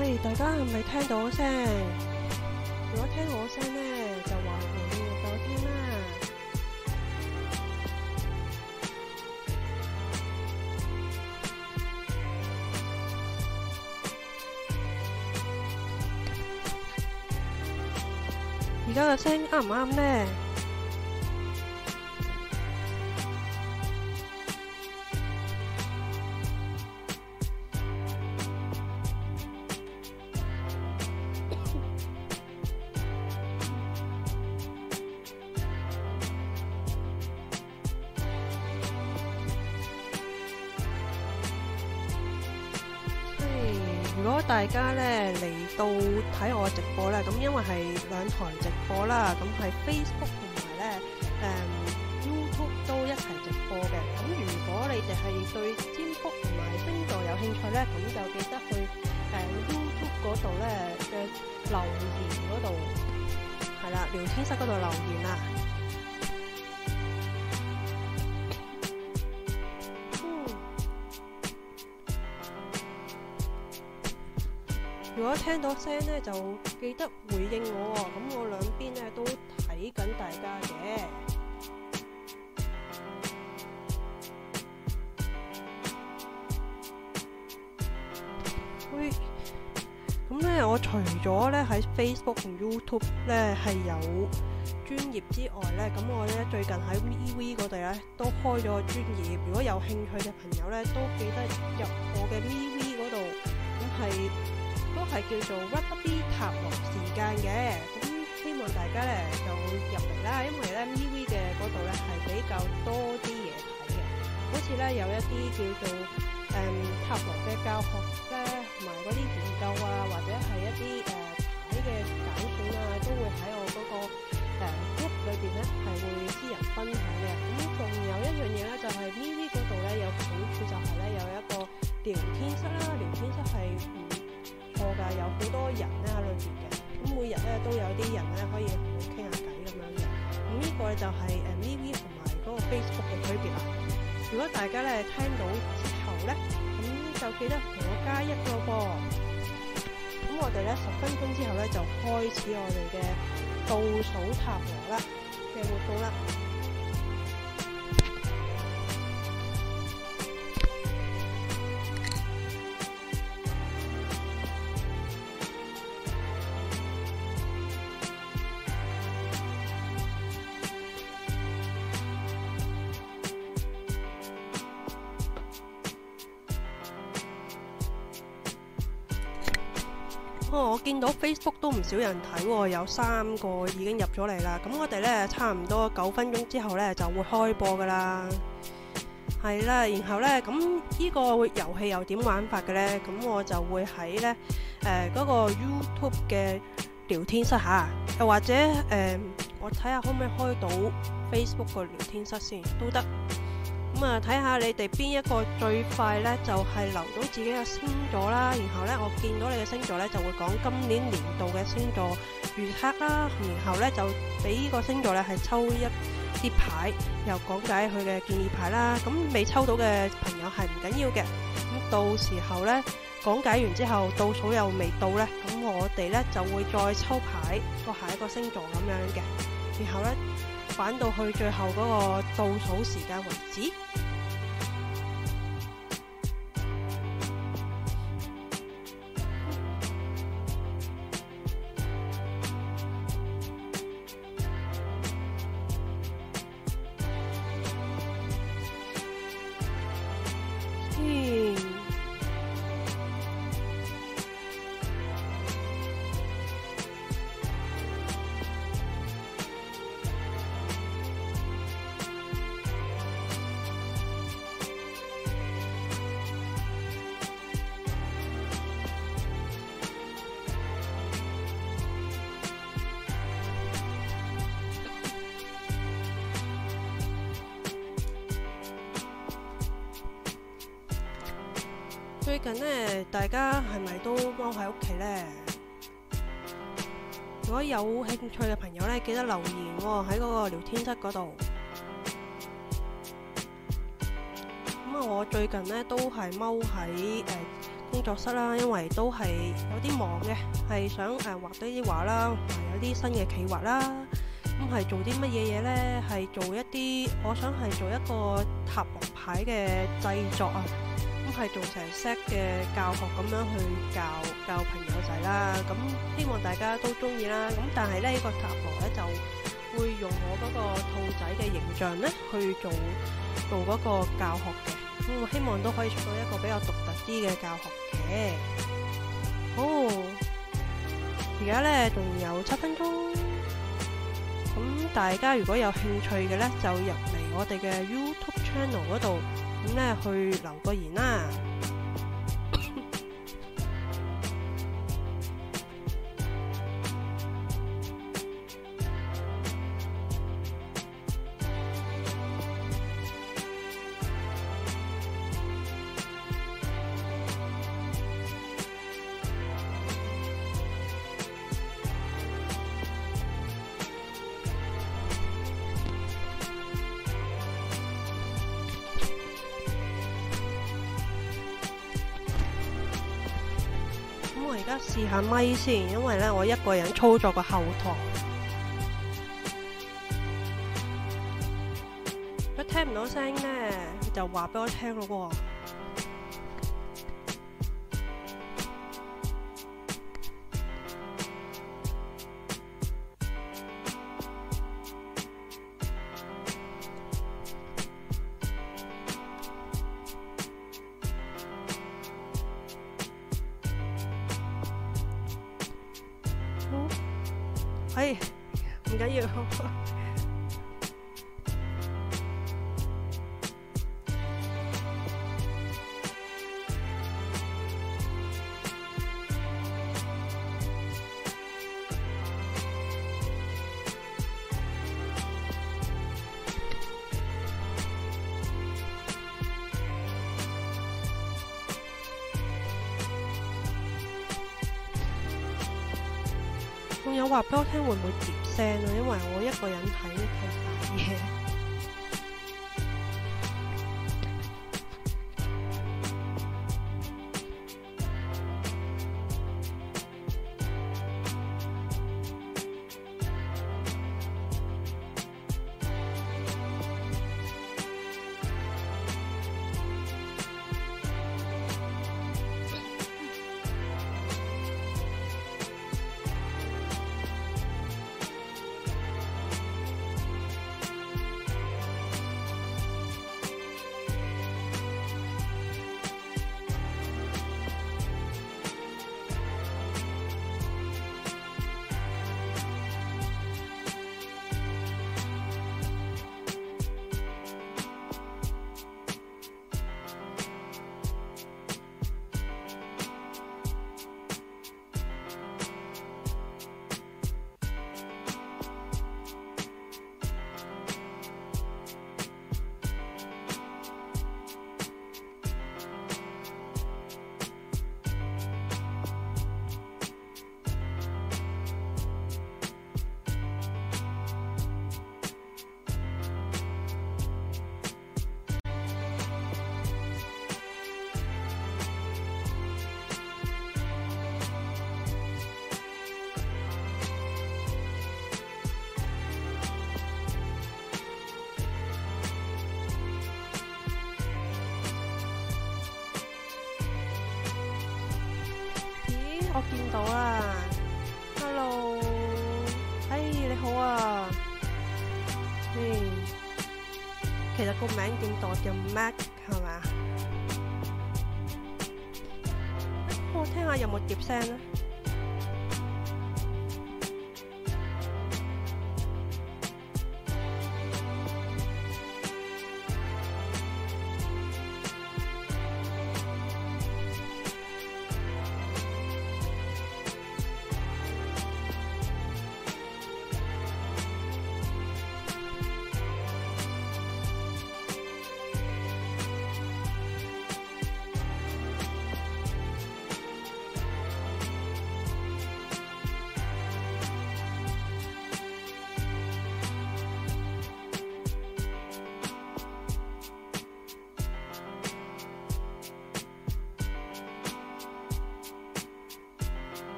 喂，大家係咪聽到聲？如果聽到我聲咧，就話俾我聽啦。而家嘅聲啱唔啱咧？ 如果聽到聲咧，就記得回應我喎、哦。咁我兩邊咧都睇緊大家嘅。喂，咁咧我除咗咧喺 Facebook 同 YouTube 咧係有專頁之外咧，咁我咧最近喺 MeWe 嗰度咧都開咗個專頁。如果有興趣嘅朋友咧，都記得入我嘅 MeWe 嗰度，係。係叫做 Rabbit B 塔羅時間嘅，咁希望大家咧就入嚟啦，因為咧 MeWe 嘅嗰度咧係比較多啲嘢睇嘅，好似咧有一啲叫做誒、嗯、塔羅嘅教學咧，同埋嗰啲研究啊，或者係一啲誒牌嘅揀選啊，都會喺我嗰、那個誒屋裏邊咧係會私人分享嘅。咁仲有一樣嘢咧，就係 MeWe 嗰度咧有好處，就係咧有一個聊天室啦，聊天室係。有好多人咧喺裏邊嘅，咁每日咧都有啲人咧可以同你傾下偈咁樣嘅，咁、嗯、呢、這個就係誒 MeWe 同埋嗰個 Facebook 嘅區別啦。如果大家咧聽到之後咧，咁就記得同我加一個噃。咁我哋咧十分鐘之後咧就開始我哋嘅倒數塔羅啦嘅活動啦。我見到 Facebook 都唔少人睇喎，有三個已經入咗嚟啦。咁我哋呢，差唔多九分鐘之後呢，就會開播㗎啦，係啦。然後呢，咁呢個遊戲又點玩法嘅呢？咁我就會喺呢誒嗰個 YouTube 嘅聊天室下，又或者誒、呃、我睇下可唔可以開到 Facebook 個聊天室先都得。咁啊，睇下你哋邊一個最快呢？就係留到自己嘅星座啦。然後呢，我見到你嘅星座呢，就會講今年年度嘅星座預測啦。然後呢，就俾呢個星座呢，係抽一啲牌，又講解佢嘅建議牌啦。咁未抽到嘅朋友係唔緊要嘅。咁到時候呢，講解完之後，倒數又未到呢。咁我哋呢，就會再抽牌，個下一個星座咁樣嘅。然後呢。玩到去最後嗰個倒數時間為止。喺嗰個聊天室嗰度。咁啊，我最近呢都係踎喺工作室啦，因為都係有啲忙嘅，係想誒畫啲畫啦，有啲新嘅企劃啦，咁係做啲乜嘢嘢呢？係做一啲我想係做一個塔羅牌嘅製作啊。係做成 set 嘅教學咁樣去教教朋友仔啦，咁希望大家都中意啦。咁但係呢，個塔羅呢，就會用我嗰個兔仔嘅形象呢去做做嗰個教學嘅，咁，嗯、希望都可以做到一個比較獨特啲嘅教學嘅。好，而家呢仲有七分鐘，咁大家如果有興趣嘅呢，就入嚟我哋嘅 YouTube channel 嗰度。咁咧，去留個言啦、啊、～而家試下麥先，因為咧我一個人操作個後台，如果 聽唔到聲咧，就話俾我聽咯喎。見到喇，hello，哎你好啊，嗯，其實個名點到叫 Mac 係嘛？我聽下有冇碟聲啊？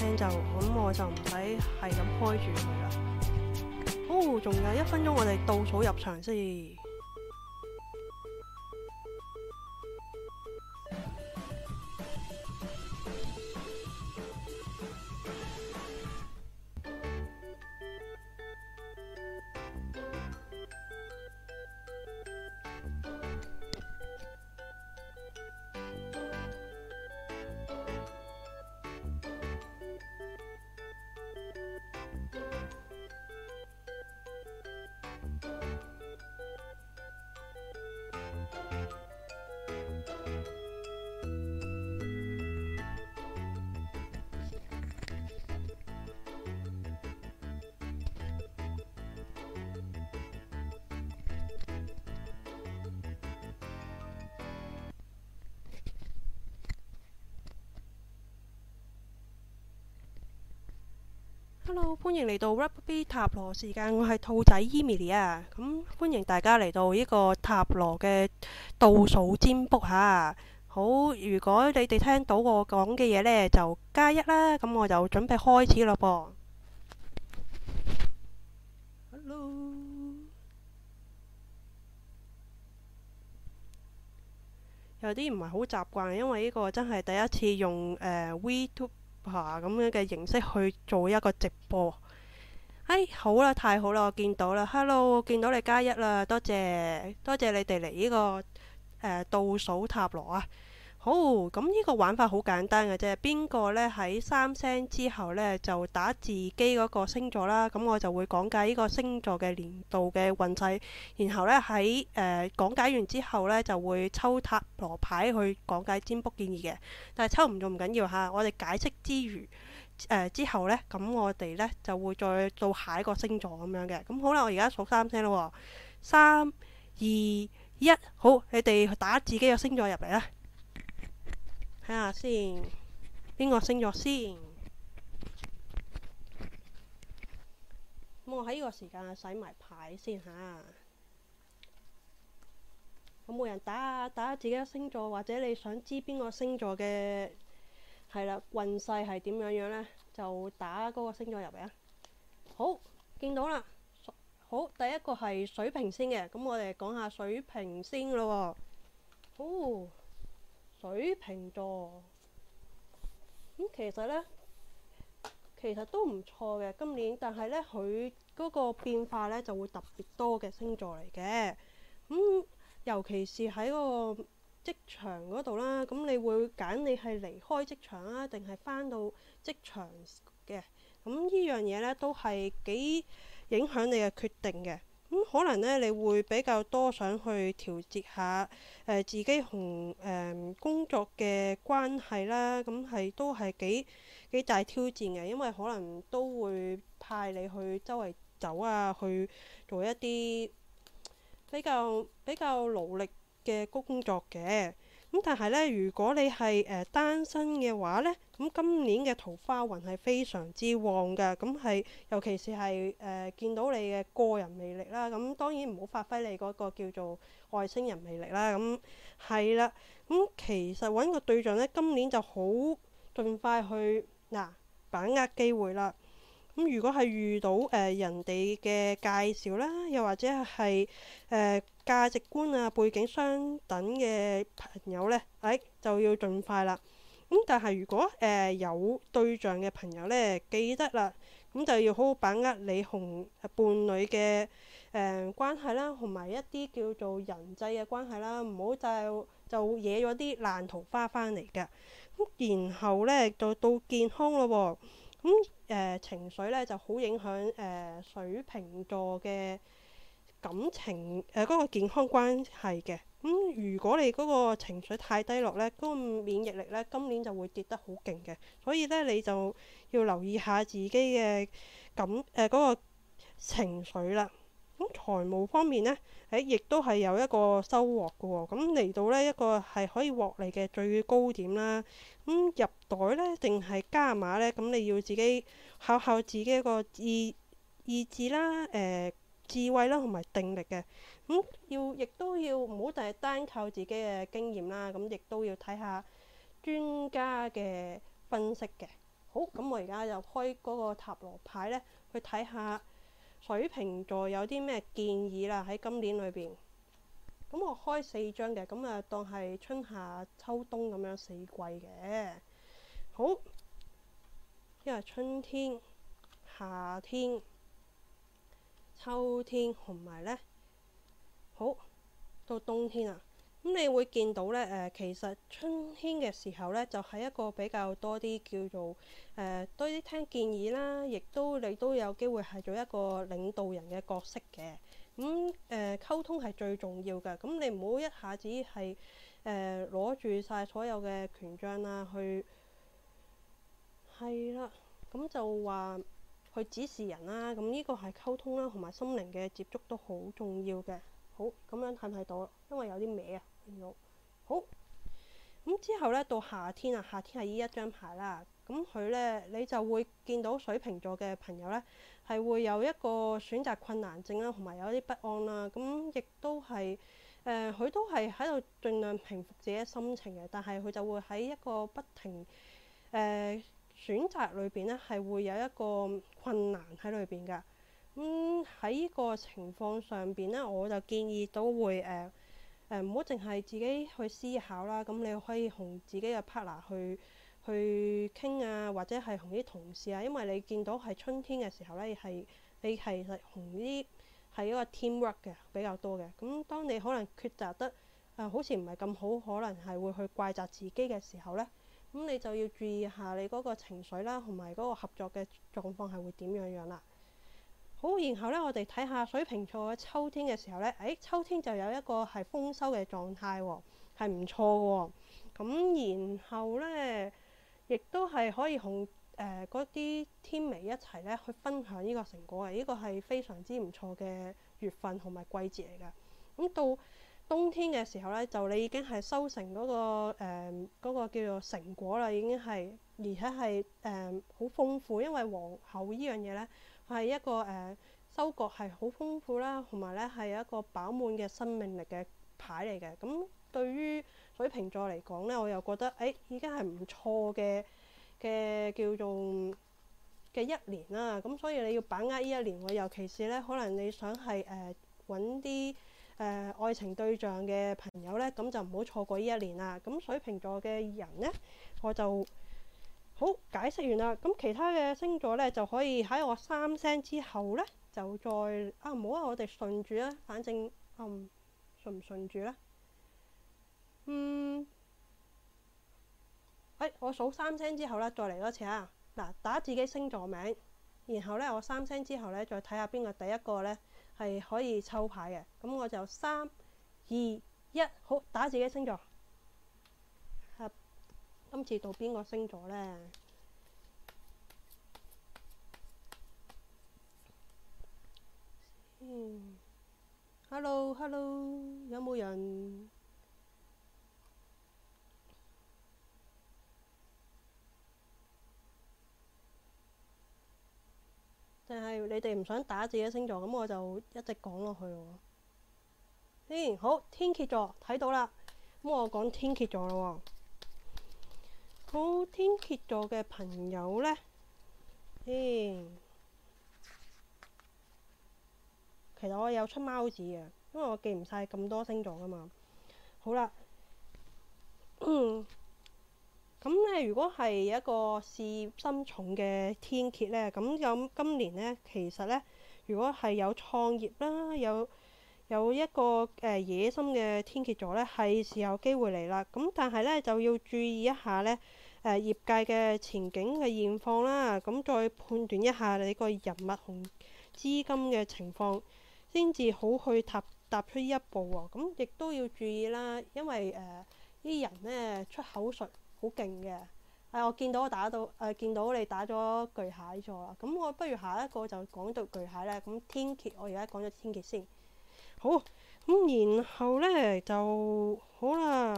就咁，我就唔使係咁開住佢啦。哦，仲有一分鐘，我哋倒數入場先。hello，歡迎嚟到 Rabbit B 塔羅時間，我係兔仔 Yimini 啊，咁歡迎大家嚟到呢個塔羅嘅倒數占卜吓。好，如果你哋聽到我講嘅嘢呢，就加一啦，咁我就準備開始咯噃。hello，有啲唔係好習慣，因為呢個真係第一次用誒 VTube。咁樣嘅形式去做一個直播。唉、哎，好啦，太好啦，我見到啦，hello，見到你加一啦，多謝多謝你哋嚟呢個、呃、倒數塔羅啊！好咁，呢、這個玩法好簡單嘅啫。邊個呢？喺三聲之後呢，就打自己嗰個星座啦。咁我就會講解呢個星座嘅年度嘅運勢，然後呢，喺誒講解完之後呢，就會抽塔羅牌去講解占卜建議嘅。但係抽唔中唔緊要嚇、啊，我哋解釋之餘誒、呃、之後呢，咁我哋呢，就會再到下一個星座咁樣嘅。咁好啦，我而家數三聲咯，三二一，好，你哋打自己個星座入嚟啦。睇下先，邊個星座先？咁我喺呢個時間洗埋牌先吓。咁冇人打下打自己嘅星座，或者你想知邊個星座嘅係啦運勢係點樣樣呢？就打嗰個星座入嚟啊！好，見到啦。好，第一個係水瓶先嘅，咁我哋講下水瓶先咯喎。水瓶座咁，嗯，其實呢，其實都唔錯嘅。今年，但係呢，佢嗰個變化呢，就會特別多嘅星座嚟嘅。咁，嗯，尤其是喺嗰個職場嗰度啦，咁你會揀你係離開職場啊，定係返到職場嘅？咁，嗯，呢樣嘢呢，都係幾影響你嘅決定嘅。咁可能咧，你會比較多想去調節下誒自己同誒工作嘅關係啦。咁係都係幾幾大挑戰嘅，因為可能都會派你去周圍走啊，去做一啲比較比較勞力嘅工作嘅。咁但係咧，如果你係誒、呃、單身嘅話咧，咁今年嘅桃花運係非常之旺㗎，咁、嗯、係尤其是係誒、呃、見到你嘅個人魅力啦，咁、嗯、當然唔好發揮你嗰個叫做外星人魅力啦，咁、嗯、係啦，咁、嗯、其實揾個對象咧，今年就好盡快去嗱、啊、把握機會啦。咁如果係遇到誒、呃、人哋嘅介紹啦，又或者係誒、價值觀啊、背景相等嘅朋友呢，誒、哎、就要盡快啦。咁但係如果誒、呃、有對象嘅朋友呢，記得啦，咁就要好好把握你同伴侶嘅誒關係啦，同埋一啲叫做人際嘅關係啦，唔好就就惹咗啲爛桃花翻嚟嘅。然後呢，就到健康咯喎、哦。咁誒、嗯呃、情緒呢就好影響誒、呃、水瓶座嘅感情誒嗰個健康關係嘅。咁、嗯、如果你嗰個情緒太低落呢，嗰、嗰個免疫力呢，今年就會跌得好勁嘅。所以呢，你就要留意下自己嘅感誒嗰、呃嗰個情緒啦。財務方面呢，喺、哎、亦都係有一個收穫嘅、哦，咁、嗯、嚟到呢，一個係可以獲利嘅最高點啦。咁、嗯、入袋呢，定係加碼呢？咁、嗯、你要自己考考自己一個意意志啦、誒、呃、智慧啦同埋定力嘅。咁、嗯、要亦都要唔好淨係單靠自己嘅經驗啦，咁、嗯、亦都要睇下專家嘅分析嘅。好，咁、嗯、我而家就開嗰個塔羅牌呢，去睇下。水瓶座有啲咩建議啦？喺今年裏邊，咁我開四張嘅，咁啊當係春夏秋冬咁樣四季嘅。好，因為春天、夏天、秋天同埋呢好到冬天啦。咁你會見到咧，誒、呃、其實春天嘅時候咧，就係、是、一個比較多啲叫做誒、呃、多啲聽建議啦，亦都你都有機會係做一個領導人嘅角色嘅。咁誒溝通係最重要嘅，咁你唔好一下子係誒攞住晒所有嘅權杖啦，去係啦，咁就話去指示人啦。咁呢個係溝通啦，同埋心靈嘅接觸都好重要嘅。好，咁樣睇唔睇到？因為有啲歪啊。嗯、好，咁之後咧到夏天啊，夏天係呢一張牌啦。咁佢咧，你就會見到水瓶座嘅朋友咧，係會有一個選擇困難症啦，同埋有啲不安啦。咁亦都係，誒、呃，佢都係喺度盡量平復自己心情嘅，但係佢就會喺一個不停誒、呃、選擇裏邊咧，係會有一個困難喺裏邊噶。咁喺呢個情況上邊咧，我就建議都會誒。呃誒唔好淨係自己去思考啦，咁你可以同自己嘅 partner 去去傾啊，或者係同啲同事啊，因為你見到係春天嘅時候咧，係你係實同啲係一個 teamwork 嘅比較多嘅。咁當你可能抉擇得誒、呃、好似唔係咁好，可能係會去怪責自己嘅時候咧，咁你就要注意下你嗰個情緒啦、啊，同埋嗰個合作嘅狀況係會點樣樣啦。好，然後咧，我哋睇下水瓶座嘅秋天嘅時候咧，誒秋天就有一個係豐收嘅狀態喎，係唔錯嘅。咁然後咧，亦都係可以同誒嗰啲天美一齊咧去分享呢個成果嘅，呢、呢個係非常之唔錯嘅月份同埋季節嚟嘅。咁到冬天嘅時候咧，就你已經係收成嗰、嗰個誒、呃嗰個、叫做成果啦，已經係而且係誒好豐富，因為皇后呢樣嘢咧。係一個誒、呃、收穫係好豐富啦，同埋咧係一個飽滿嘅生命力嘅牌嚟嘅。咁對於水瓶座嚟講咧，我又覺得誒、哎、已經係唔錯嘅嘅叫做嘅一年啦。咁所以你要把握呢一年，我尤其是咧，可能你想係誒揾啲誒愛情對象嘅朋友咧，咁就唔好錯過呢一年啦。咁水瓶座嘅人咧，我就。好，解釋完啦。咁其他嘅星座咧，就可以喺我三聲之後咧，就再啊，唔好啊，我哋順住啦。反正啊，順唔順住咧？嗯，誒、嗯哎，我數三聲之後啦，再嚟多次吓。嗱，打自己星座名，然後咧我三聲之後咧，再睇下邊個第一個咧係可以抽牌嘅。咁我就三二一，好，打自己星座。今次到邊個星座呢？嗯，Hello，Hello，有冇人？定係你哋唔想打自己星座？咁我就一直講落去喎。先好，天蝎座睇到啦。咁我講天蠍座咯喎。好，天蠍座嘅朋友呢，先、欸。其實我有出貓紙嘅，因為我記唔晒咁多星座㗎嘛。好啦，咁呢、嗯，如果係一個事業心重嘅天蠍呢，咁咁今年呢，其實呢，如果係有創業啦，有有一個誒、呃、野心嘅天蠍座呢，係時候機會嚟啦。咁但係呢，就要注意一下呢。誒、呃、業界嘅前景嘅現況啦，咁、嗯、再判斷一下你個人物同資金嘅情況，先至好去踏踏出呢一步喎、哦。咁、嗯、亦都要注意啦，因為誒啲、呃、人咧出口術好勁嘅。誒、哎、我見到我打到誒、呃、見到你打咗巨蟹座啦，咁、嗯、我不如下一個就講到巨蟹咧。咁、嗯、天蠍，我而家講咗天蠍先，好咁、嗯，然後咧就好啦。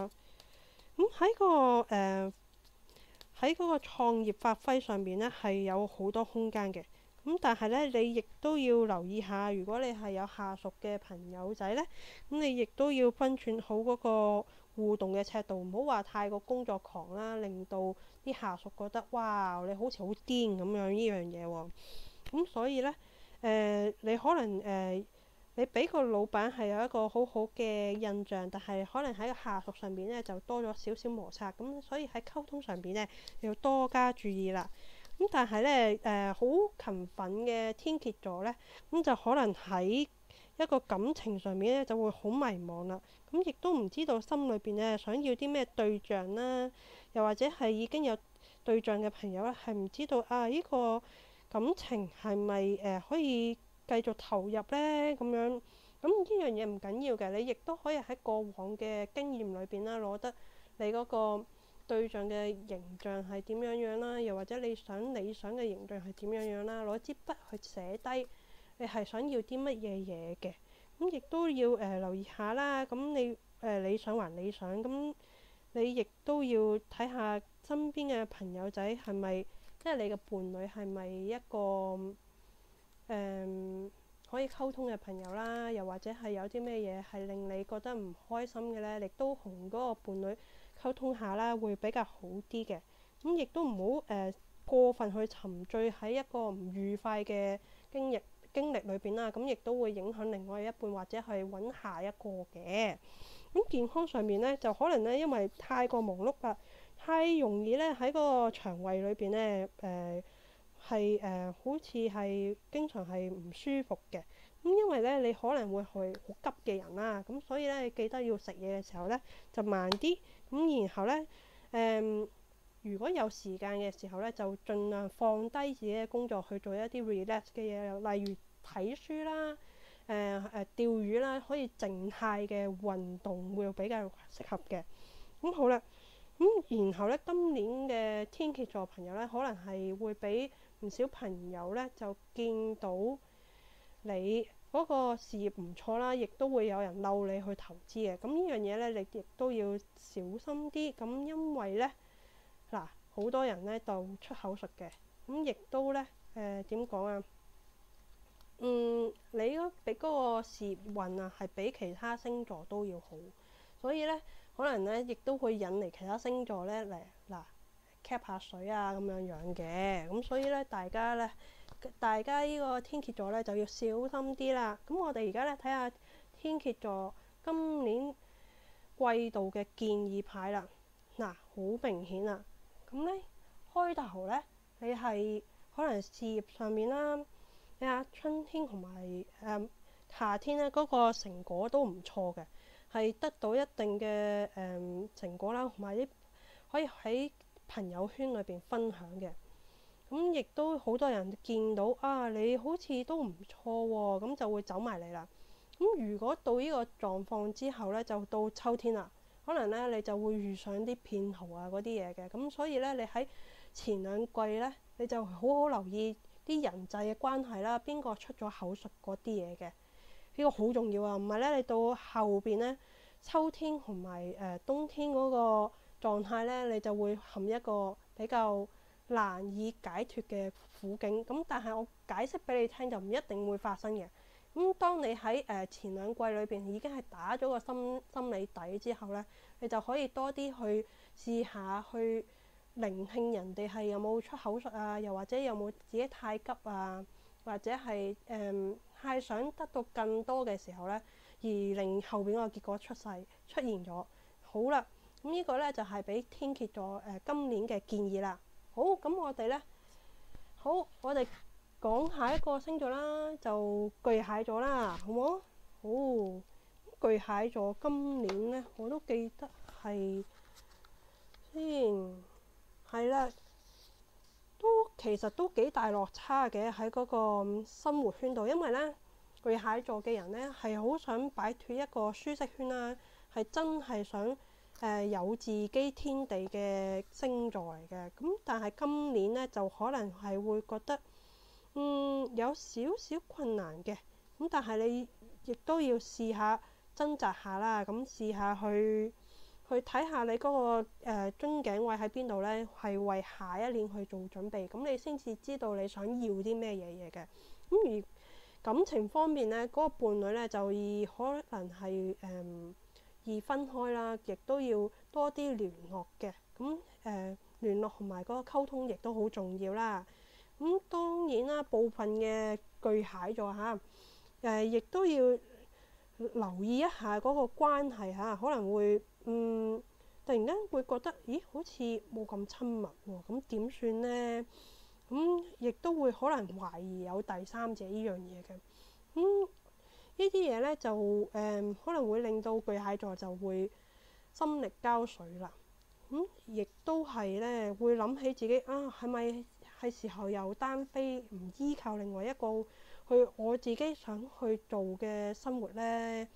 咁、嗯、喺個誒。呃喺嗰個創業發揮上面呢，係有好多空間嘅。咁但係呢，你亦都要留意下，如果你係有下屬嘅朋友仔呢，咁你亦都要分寸好嗰個互動嘅尺度，唔好話太過工作狂啦，令到啲下屬覺得：「哇，你好似好癲咁樣呢樣嘢喎、啊。咁所以呢，誒、呃、你可能誒。呃你俾個老闆係有一個好好嘅印象，但係可能喺個下屬上邊咧就多咗少少摩擦，咁所以喺溝通上邊咧要多加注意啦。咁但係咧誒好勤奮嘅天蠍座咧，咁就可能喺一個感情上面咧就會好迷茫啦。咁亦都唔知道心裏邊咧想要啲咩對象啦，又或者係已經有對象嘅朋友咧，係唔知道啊呢個感情係咪誒可以繼續投入呢，咁樣咁呢樣嘢唔緊要嘅。你亦都可以喺過往嘅經驗裏邊啦，攞得你嗰個對象嘅形象係點樣樣啦，又或者你想理想嘅形象係點樣樣啦，攞支筆去寫低你係想要啲乜嘢嘢嘅。咁亦都要誒留意下啦。咁你誒理想還理想，咁你亦都要睇下身邊嘅朋友仔係咪，即係你嘅伴侶係咪一個誒、um, 可以溝通嘅朋友啦，又或者係有啲咩嘢係令你覺得唔開心嘅呢？亦都同嗰個伴侶溝通下啦，會比較好啲嘅。咁、嗯、亦都唔好誒過分去沉醉喺一個唔愉快嘅經歷經歷裏邊啦。咁、嗯、亦都會影響另外一半或者係揾下一個嘅。咁、嗯、健康上面呢，就可能呢，因為太過忙碌啦，太容易呢，喺嗰個腸胃裏邊呢。誒、呃。係誒、呃，好似係經常係唔舒服嘅，咁、嗯、因為咧你可能會去好急嘅人啦，咁所以咧你記得要食嘢嘅時候咧就慢啲，咁、嗯、然後咧誒、嗯、如果有時間嘅時候咧就盡量放低自己嘅工作去做一啲 relax 嘅嘢，例如睇書啦，誒、呃、誒、呃、釣魚啦，可以靜態嘅運動會比較適合嘅。咁、嗯、好啦，咁、嗯、然後咧今年嘅天蠍座朋友咧可能係會比唔少朋友咧就見到你嗰個事業唔錯啦，亦都會有人嬲你去投資嘅。咁呢樣嘢咧，你亦都要小心啲。咁因為咧，嗱，好多人咧就出口術嘅。咁亦都咧，誒點講啊？嗯，你嗰俾嗰個事業運啊，係比其他星座都要好。所以咧，可能咧，亦都會引嚟其他星座咧嚟嗱，cap 下水啊，咁樣樣嘅咁，所以咧，大家咧，大家呢大家個天蠍座咧就要小心啲啦。咁、嗯、我哋而家咧睇下天蠍座今年季度嘅建議牌啦。嗱，好明顯啦。咁咧、嗯、開頭咧，你係可能事業上面啦，你睇春天同埋誒夏天咧嗰、那個成果都唔錯嘅，係得到一定嘅誒、嗯、成果啦，同埋啲可以喺，朋友圈裏邊分享嘅，咁亦都好多人見到啊！你好似都唔錯喎，咁就會走埋嚟啦。咁如果到呢個狀況之後咧，就到秋天啦，可能咧你就會遇上啲騙徒啊嗰啲嘢嘅，咁所以咧你喺前兩季咧，你就好好留意啲人際嘅關係啦，邊個出咗口述嗰啲嘢嘅，呢個好重要啊！唔係咧，你到後邊咧秋天同埋誒冬天嗰個，狀態咧，你就會陷一個比較難以解脫嘅苦境。咁但係我解釋俾你聽，就唔一定會發生嘅。咁當你喺誒前兩季裏邊已經係打咗個心心理底之後咧，你就可以多啲去試下去聆聽人哋係有冇出口術啊，又或者有冇自己太急啊，或者係誒、嗯、太想得到更多嘅時候咧，而令後邊嗰個結果出世出現咗。好啦。咁呢個咧就係俾天蠍座誒今年嘅建議啦。好，咁我哋咧，好，我哋講下一個星座啦，就巨蟹座啦，好冇？好、哦，巨蟹座今年咧，我都記得係先係啦，都其實都幾大落差嘅喺嗰個生活圈度，因為咧巨蟹座嘅人咧係好想擺脱一個舒適圈啦、啊，係真係想。誒、呃、有自己天地嘅星座嚟嘅，咁但係今年呢，就可能係會覺得，嗯、有少少困難嘅，咁但係你亦都要試下掙扎下啦，咁、嗯、試下去去睇下你嗰、那個樽頸位喺邊度呢？係為下一年去做準備，咁、嗯、你先至知道你想要啲咩嘢嘢嘅。咁、嗯、而感情方面呢，嗰、那個伴侶呢，就以可能係誒。嗯易分開啦，亦都要多啲聯絡嘅。咁、嗯、誒、呃、聯絡同埋嗰個溝通亦都好重要啦。咁、嗯、當然啦，部分嘅巨蟹座嚇誒、呃，亦都要留意一下嗰個關係嚇，可能會嗯突然間會覺得，咦好似冇咁親密喎，咁點算咧？咁、嗯、亦都會可能懷疑有第三者呢樣嘢嘅。咁、嗯呢啲嘢咧就誒、嗯、可能會令到巨蟹座就會心力交瘁啦。咁、嗯、亦都係咧會諗起自己啊，係咪係時候又單飛？唔依靠另外一個去我自己想去做嘅生活咧。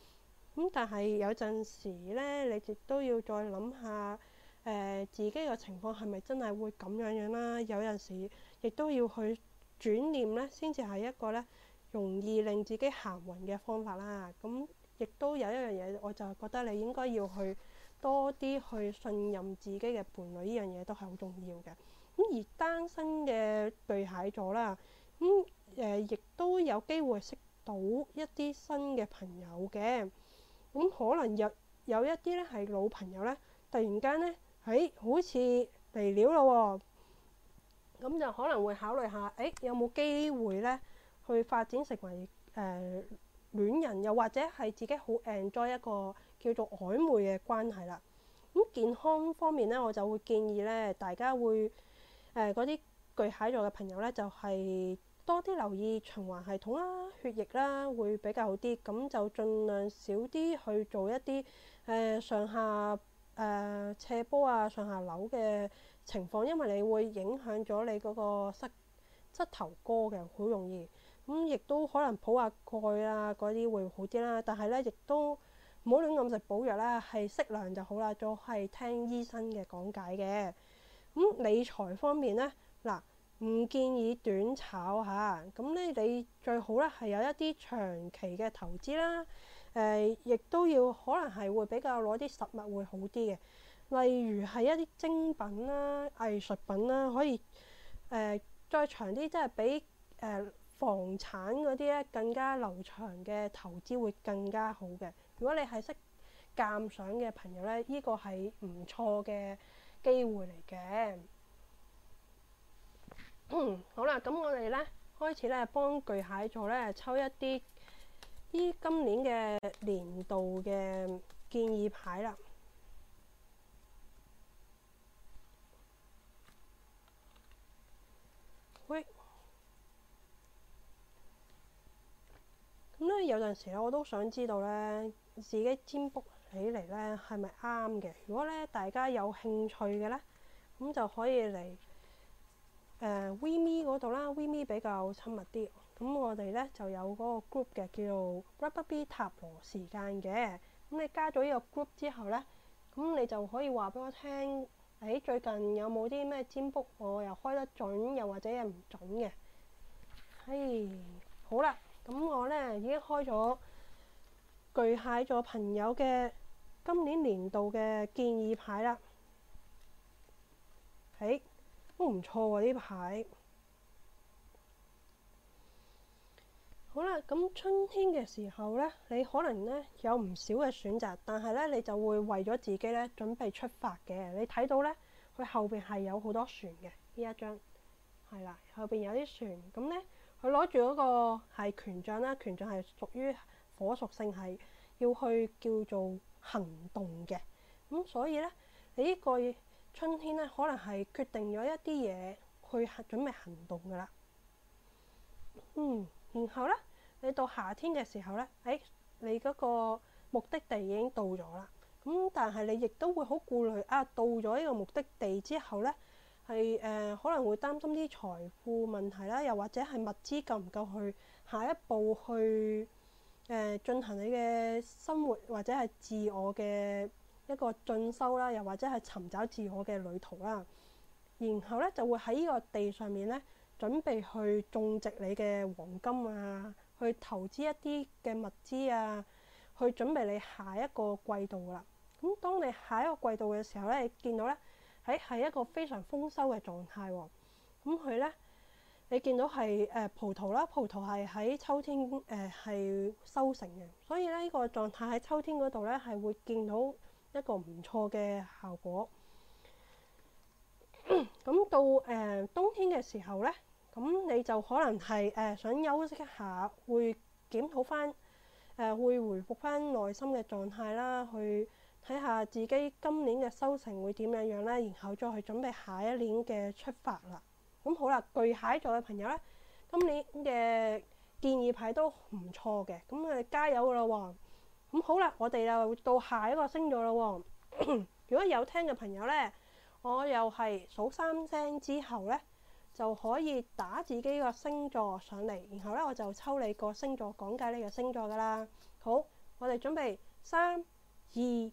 咁、嗯、但係有陣時咧，你亦都要再諗下誒、呃、自己嘅情況係咪真係會咁樣樣啦？有陣時亦都要去轉念咧，先至係一個咧，容易令自己行運嘅方法啦，咁亦都有一樣嘢，我就係覺得你應該要去多啲去信任自己嘅伴侶，呢樣嘢都係好重要嘅。咁而單身嘅巨蟹座啦，咁誒亦都有機會識到一啲新嘅朋友嘅，咁可能有有一啲咧係老朋友咧，突然間咧喺好似嚟料咯喎，咁就可能會考慮下，誒、哎、有冇機會咧？去發展成為誒、呃、戀人，又或者係自己好 enjoy 一個叫做曖昧嘅關係啦。咁健康方面咧，我就會建議咧，大家會誒嗰啲巨蟹座嘅朋友咧，就係、是、多啲留意循環系統啦、血液啦，會比較好啲。咁就儘量少啲去做一啲誒、呃、上下誒、呃、斜坡啊、上下樓嘅情況，因為你會影響咗你嗰個膝膝頭哥嘅，好容易。咁亦、嗯、都可能補下鈣啊，嗰啲會好啲啦。但係咧，亦都唔好亂咁食補藥啦，係適量就好啦。就係聽醫生嘅講解嘅。咁、嗯、理財方面咧，嗱，唔建議短炒嚇。咁咧，你最好咧係有一啲長期嘅投資啦。誒、呃，亦都要可能係會比較攞啲實物會好啲嘅，例如係一啲精品啦、藝術品啦，可以誒、呃、再長啲，即係比誒。呃房產嗰啲咧，更加流長嘅投資會更加好嘅。如果你係識鑒賞嘅朋友咧，呢、呢個係唔錯嘅機會嚟嘅。 好啦，咁我哋咧開始咧幫巨蟹座咧抽一啲依今年嘅年度嘅建議牌啦。 咁咧、嗯、有陣時咧，我都想知道咧自己占卜起嚟咧係咪啱嘅？如果咧大家有興趣嘅咧，咁就可以嚟誒 MeWe 嗰度啦。MeWe 比較親密啲。咁我哋咧就有嗰個 group 嘅，叫做 Rabbit B 塔羅時間嘅。咁你加咗呢個 group 之後咧，咁你就可以話俾我聽，誒、欸、最近有冇啲咩占卜我又開得準，又或者係唔準嘅？嘿，好啦。咁我咧已經開咗巨蟹座朋友嘅今年年度嘅建議牌啦，咦都唔錯喎呢牌，啊。好啦，咁春天嘅時候咧，你可能咧有唔少嘅選擇，但係咧你就會為咗自己咧準備出發嘅。你睇到咧，佢後邊係有好多船嘅呢一張，係啦，後邊有啲船咁咧。佢攞住嗰個係權杖啦，權杖係屬於火屬性，係要去叫做行動嘅。咁所以咧，你呢個春天咧，可能係決定咗一啲嘢去準備行動噶啦。嗯，然後咧，你到夏天嘅時候咧，誒、哎，你嗰個目的地已經到咗啦。咁但係你亦都會好顧慮啊，到咗呢個目的地之後咧。係誒、呃，可能會擔心啲財富問題啦，又或者係物資夠唔夠去下一步去誒呃、進行你嘅生活，或者係自我嘅一個進修啦，又或者係尋找自我嘅旅途啦。然後咧就會喺呢個地上面咧，準備去種植你嘅黃金啊，去投資一啲嘅物資啊，去準備你下一個季度啦。咁當你下一個季度嘅時候咧，你見到咧。喺係一個非常豐收嘅狀態喎，咁佢咧你見到係誒葡萄啦，葡萄係喺秋天誒係收成嘅，所以咧呢個狀態喺秋天嗰度咧係會見到一個唔錯嘅效果。咁到誒冬天嘅時候咧，咁你就可能係誒想休息一下，會檢討翻誒會回復翻內心嘅狀態啦，去。睇下自己今年嘅收成會點樣樣咧，然後再去準備下一年嘅出發啦。咁好啦，巨蟹座嘅朋友咧，今年嘅建議牌都唔錯嘅，咁啊加油啦喎、哦！咁好啦，我哋又到下一個星座啦喎、哦。 如果有聽嘅朋友咧，我又係數三聲之後咧，就可以打自己個星座上嚟，然後咧我就抽你個星座講解你個星座噶啦。好，我哋準備三二。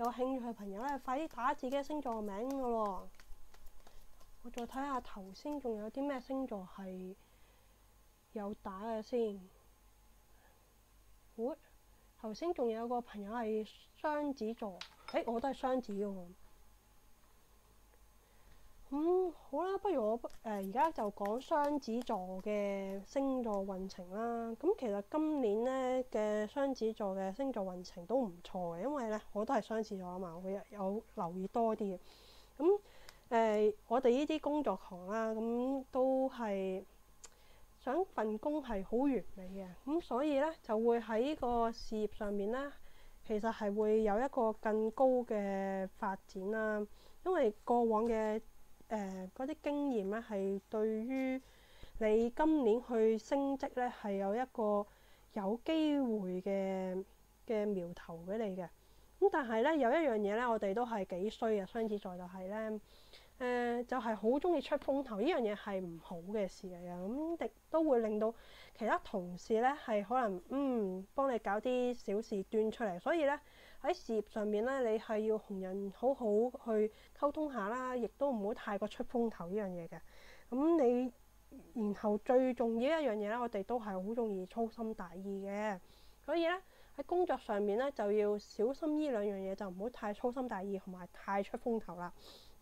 有興趣嘅朋友呢，快啲打自己嘅星座名噶咯！我再睇下頭先仲有啲咩星座係有打嘅先。喎，頭先仲有個朋友係雙子座，唉，我都係雙子嘅喎。咁好啦，不如我誒而家就講雙子座嘅星座運程啦。咁其實今年咧嘅雙子座嘅星座運程都唔錯嘅，因為咧我都係雙子座啊嘛，會有留意多啲嘅。咁誒，我哋呢啲工作狂啦，咁都係想份工係好完美嘅，咁所以咧就會喺呢個事業上面咧，其實係會有一個更高嘅發展啦。因為過往嘅誒嗰啲經驗咧，係對於你今年去升職咧，係有一個有機會嘅嘅苗頭俾你嘅。咁但係咧，有一樣嘢咧，我哋都係幾衰嘅雙子座就係咧，誒、呃、就係好中意出風頭，呢樣嘢係唔好嘅事嚟噶。咁、嗯、亦都會令到其他同事咧係可能嗯幫你搞啲小事端出嚟，所以咧。喺事業上面咧，你係要同人好好去溝通下啦，亦都唔好太過出風頭呢樣嘢嘅。咁你然後最重要一樣嘢咧，我哋都係好容易粗心大意嘅，所以咧喺工作上面咧就要小心呢兩樣嘢，就唔好太粗心大意同埋太出風頭啦。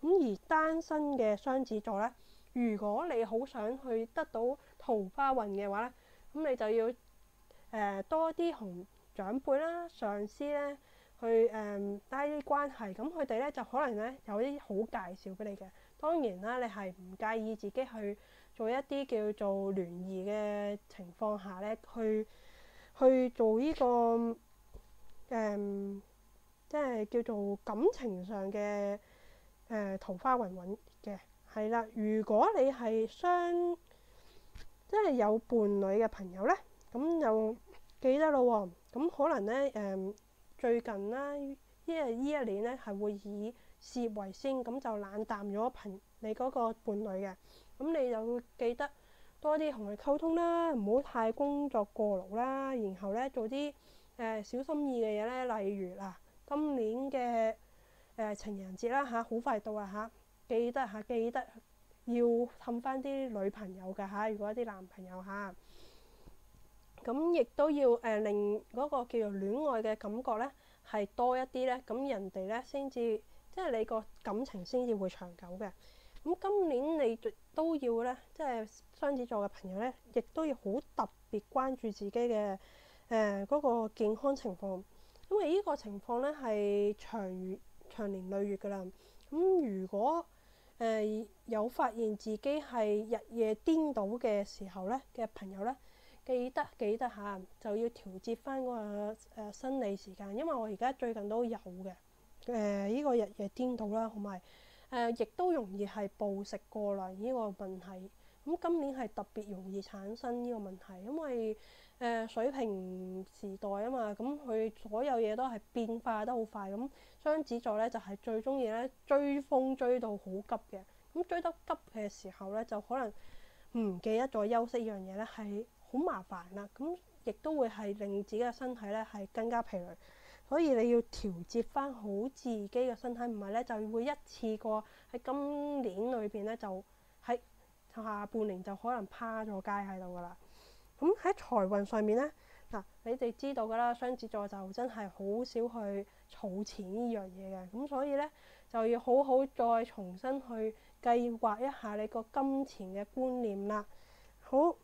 咁而單身嘅雙子座咧，如果你好想去得到桃花運嘅話咧，咁你就要誒、呃、多啲同長輩啦、上司咧。去誒拉啲關係，咁佢哋咧就可能咧有啲好介紹俾你嘅。當然啦，你係唔介意自己去做一啲叫做聯誼嘅情況下咧，去去做呢、這個誒、嗯，即係叫做感情上嘅誒、呃、桃花運運嘅係啦。如果你係相，即係有伴侶嘅朋友咧，咁又記得咯喎、哦，咁可能咧誒。嗯最近啦，一係呢一年咧係會以事業為先，咁就冷淡咗朋你嗰個伴侶嘅。咁你就記得多啲同佢溝通啦，唔好太工作過勞啦。然後咧做啲誒、呃、小心意嘅嘢咧，例如啦，今年嘅誒、呃、情人節啦吓，好、啊、快到啦吓、啊，記得吓、啊，記得要氹翻啲女朋友㗎吓、啊，如果啲男朋友吓，啊。咁亦都要誒令嗰個叫做戀愛嘅感覺咧係多一啲咧，咁人哋咧先至即係你個感情先至會長久嘅。咁今年你都要咧，即係雙子座嘅朋友咧，亦都要好特別關注自己嘅誒嗰個健康情況，因為依個情況咧係長年長年累月噶啦。咁如果誒有發現自己係日夜顛倒嘅時候咧嘅朋友咧，記得記得下就要調節翻嗰個、呃、生理時間，因為我而家最近都有嘅誒，依、呃這個日夜顛倒啦，同埋誒亦都容易係暴食過量呢、這個問題。咁今年係特別容易產生呢個問題，因為誒、呃、水瓶時代啊嘛，咁佢所有嘢都係變化得好快。咁雙子座咧就係、是、最中意咧追風追到好急嘅，咁追得急嘅時候咧就可能唔記得咗休息依樣嘢咧喺。好麻煩啦，咁亦都會係令自己嘅身體咧係更加疲累，所以你要調節返好自己嘅身體，唔係咧就會一次過喺今年裏面咧就喺下半年就可能趴咗街喺度㗎喇。咁喺財運上面咧，嗱，你哋知道㗎啦，雙子座就真係好少去儲錢呢樣嘢嘅，咁所以咧就要好好再重新去計劃一下你個金錢嘅觀念啦，好。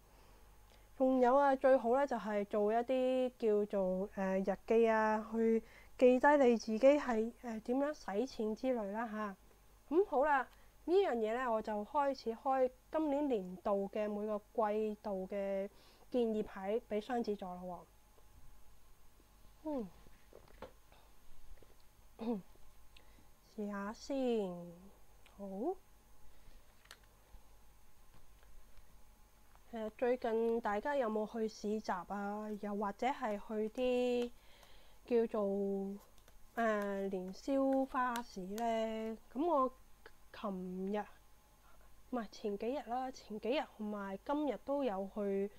仲有啊，最好咧就係做一啲叫做誒、呃、日記啊，去記低你自己係誒點樣使錢之類啦吓，咁、嗯、好啦，樣呢樣嘢咧我就開始開今年年度嘅每個季度嘅建議牌俾雙子座咯喎。嗯， 試下先，好。最近大家有冇去市集啊？又或者係去啲叫做誒、呃、年宵花市咧？咁我琴日唔係，前幾日啦，前幾日同埋今日都有去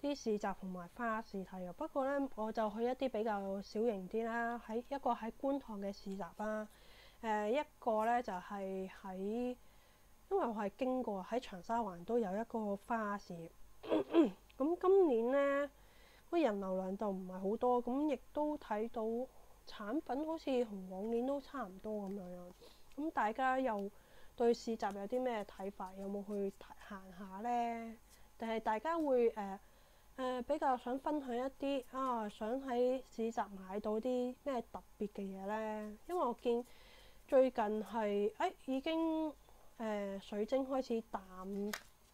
啲市集同埋花市睇啊。不過咧，我就去一啲比較小型啲啦，喺一個喺觀塘嘅市集啦。誒一個咧就係喺因為我係經過喺長沙灣都有一個花市。咁咳咳今年咧，嗰人流量就唔係好多，咁亦都睇到產品好似同往年都差唔多咁樣樣。咁大家又對市集有啲咩睇法？有冇去行下咧？但係大家會誒誒、呃呃、比較想分享一啲啊？想喺市集買到啲咩特別嘅嘢咧？因為我見最近係誒、哎、已經誒、呃、水晶開始淡，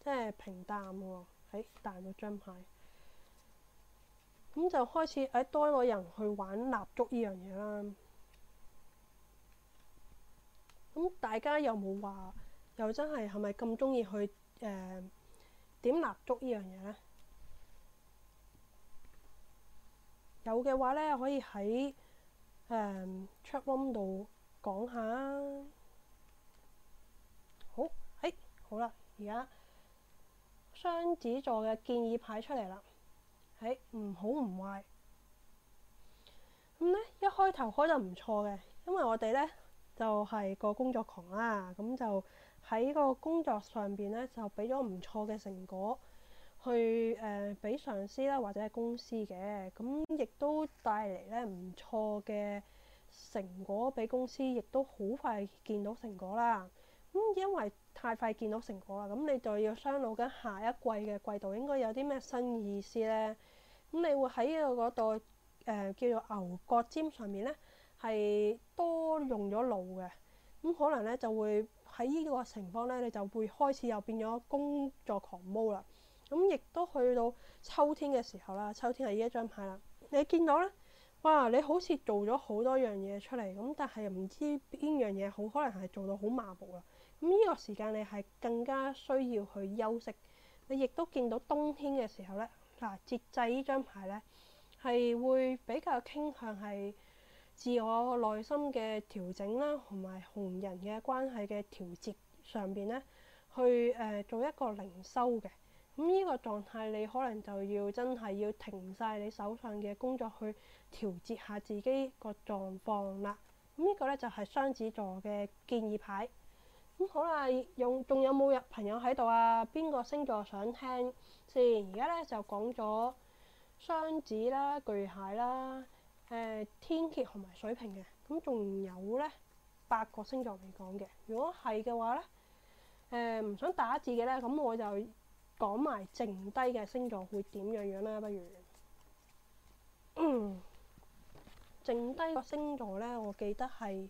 即係平淡喎。誒、哎、大咗張牌，咁就開始誒多咗人去玩蠟燭呢樣嘢啦。咁大家有冇話，又真係係咪咁中意去誒、呃、點蠟燭呢樣嘢呢？有嘅話呢，可以喺誒 chat room 度講下啊。好，誒、哎、好啦，而家。雙子座嘅建議牌出嚟啦，喺唔好唔壞。咁咧一開頭開得唔錯嘅，因為我哋咧就係、是、個工作狂啦、啊，咁就喺個工作上邊咧就俾咗唔錯嘅成果去，去誒俾上司啦或者係公司嘅，咁亦都帶嚟咧唔錯嘅成果俾公司，亦都好快見到成果啦。咁因為太快見到成果啦，咁你就要商腦緊下一季嘅季度應該有啲咩新意思咧？咁你會喺、呢個嗰度誒叫做牛角尖上面咧，係多用咗腦嘅，咁，可能咧就會喺呢個情況咧，你就會開始又變咗工作狂魔啦。咁亦都去到秋天嘅時候啦，秋天係呢一張牌啦。你見到咧，哇！你好似做咗好多樣嘢出嚟，咁但係唔知邊樣嘢好，可能係做到好麻木啦。咁呢個時間，你係更加需要去休息。你亦都見到冬天嘅時候咧，嗱節制張呢張牌咧，係會比較傾向係自我內心嘅調整啦，同埋同人嘅關係嘅調節上邊咧，去誒、呃、做一個靈修嘅。咁、嗯、呢、這個狀態，你可能就要真係要停晒你手上嘅工作去調節下自己狀況、嗯這個狀況啦。咁呢個咧就係、是、雙子座嘅建議牌。咁好啦，用仲有冇日朋友喺度啊？邊個星座想聽先？而家咧就講咗雙子啦、巨蟹啦、誒、呃、天蠍同埋水瓶嘅，咁仲有咧八個星座未講嘅。如果係嘅話咧，誒、呃、唔想打字嘅咧，咁我就講埋剩低嘅星座會點樣樣啦。不如，嗯、剩低個星座咧，我記得係。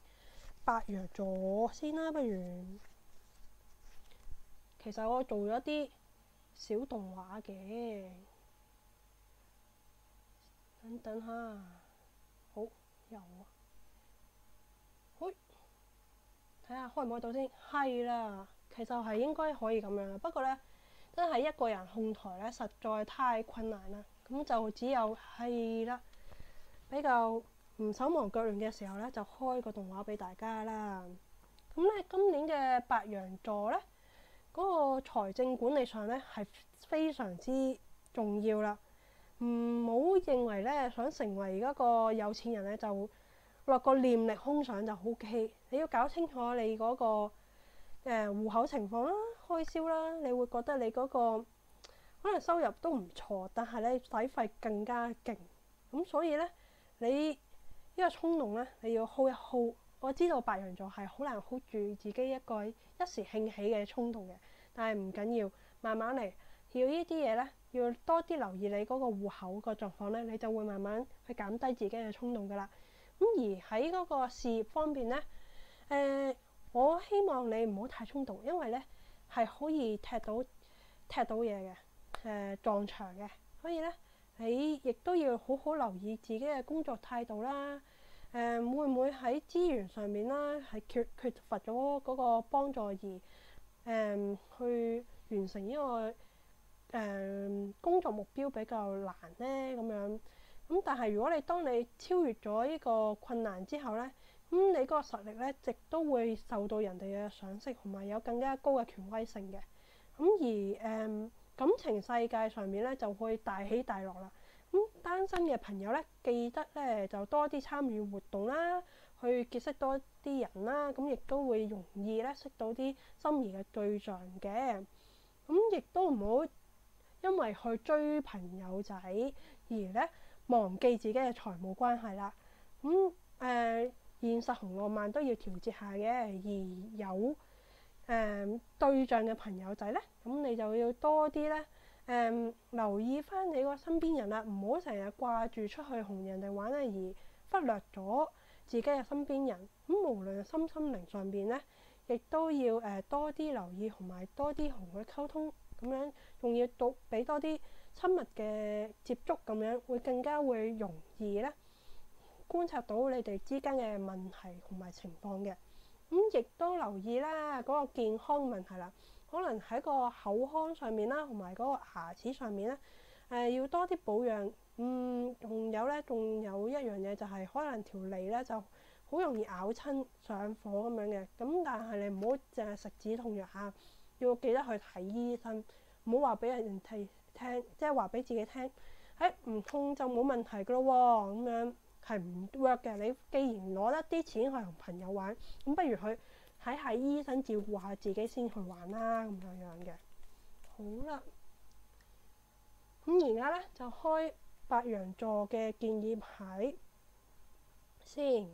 白羊座先啦，不如，其實我做咗啲小動畫嘅，等等哈，好有啊，好，睇下開唔開到先，係啦，其實係應該可以咁樣啦，不過呢，真係一個人控台呢，實在太困難啦，咁就只有係啦，比較。唔手忙腳亂嘅時候咧，就開個動畫俾大家啦。咁咧，今年嘅白羊座咧，嗰個財政管理上咧係非常之重要啦。唔好認為咧，想成為一個有錢人咧，就落個念力空想就 OK。你要搞清楚你嗰個誒戶口情況啦、開銷啦，你會覺得你嗰個可能收入都唔錯，但係咧使費更加勁。咁所以咧，你。一個衝動咧，你要 hold 一 hold。我知道白羊座係好難 hold 住自己一個一時興起嘅衝動嘅，但係唔緊要，慢慢嚟。要呢啲嘢咧，要多啲留意你嗰個戶口個狀況咧，你就會慢慢去減低自己嘅衝動噶啦。咁而喺嗰個事業方面咧，誒、呃、我希望你唔好太衝動，因為咧係好易踢到踢到嘢嘅，誒、呃、撞牆嘅，所以咧。你亦都要好好留意自己嘅工作態度啦，誒、呃、會唔會喺資源上面啦係缺缺乏咗嗰個幫助而誒、呃、去完成呢、這個誒、呃、工作目標比較難咧咁樣，咁但係如果你當你超越咗呢個困難之後咧，咁你嗰個實力咧直都會受到人哋嘅賞識同埋有更加高嘅權威性嘅，咁、嗯、而誒。呃感情世界上面咧就會大起大落啦。咁單身嘅朋友咧，記得咧就多啲參與活動啦，去結識多啲人啦。咁亦都會容易咧識到啲心儀嘅對象嘅。咁亦都唔好因為去追朋友仔而咧忘記自己嘅財務關係啦。咁、嗯、誒、呃，現實同浪漫都要調節下嘅，而有。誒、嗯、對象嘅朋友仔咧，咁你就要多啲咧，誒、嗯、留意翻你個身邊人啦，唔好成日掛住出去同人哋玩咧，而忽略咗自己嘅身邊人。咁無論心心靈上邊咧，亦都要誒、呃、多啲留意同埋多啲同佢溝通，咁樣仲要俾多啲親密嘅接觸，咁樣會更加會容易咧觀察到你哋之間嘅問題同埋情況嘅。咁亦都留意啦，嗰個健康問題啦，可能喺個口腔上面啦，同埋嗰個牙齒上面咧，誒、呃、要多啲保養。嗯，仲有咧，仲有一樣嘢就係、是、可能條脷咧就好容易咬親上火咁樣嘅。咁但係你唔好淨係食止痛藥啊，要記得去睇醫生。唔好話俾人聽，即係話俾自己聽，誒、欸、唔痛就冇問題噶咯喎咁樣。係唔 work 嘅？你既然攞得啲錢去同朋友玩，咁不如去睇下醫生照顧下自己先去玩啦，咁樣樣嘅。好啦，咁而家呢，就開白羊座嘅建議牌先，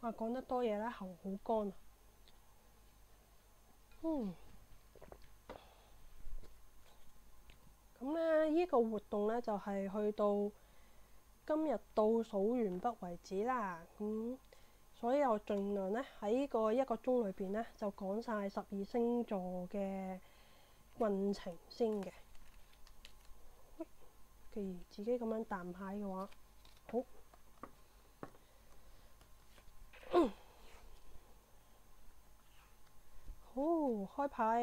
話講得多嘢啦，喉好乾啊。嗯，咁、嗯、呢，呢、呢個活動呢，就係、是、去到。今日倒數完畢為止啦，咁、嗯、所以我盡量呢，喺個一個鐘裏邊呢，就講晒十二星座嘅運程先嘅。譬如自己咁樣彈牌嘅話，好， 好，開牌，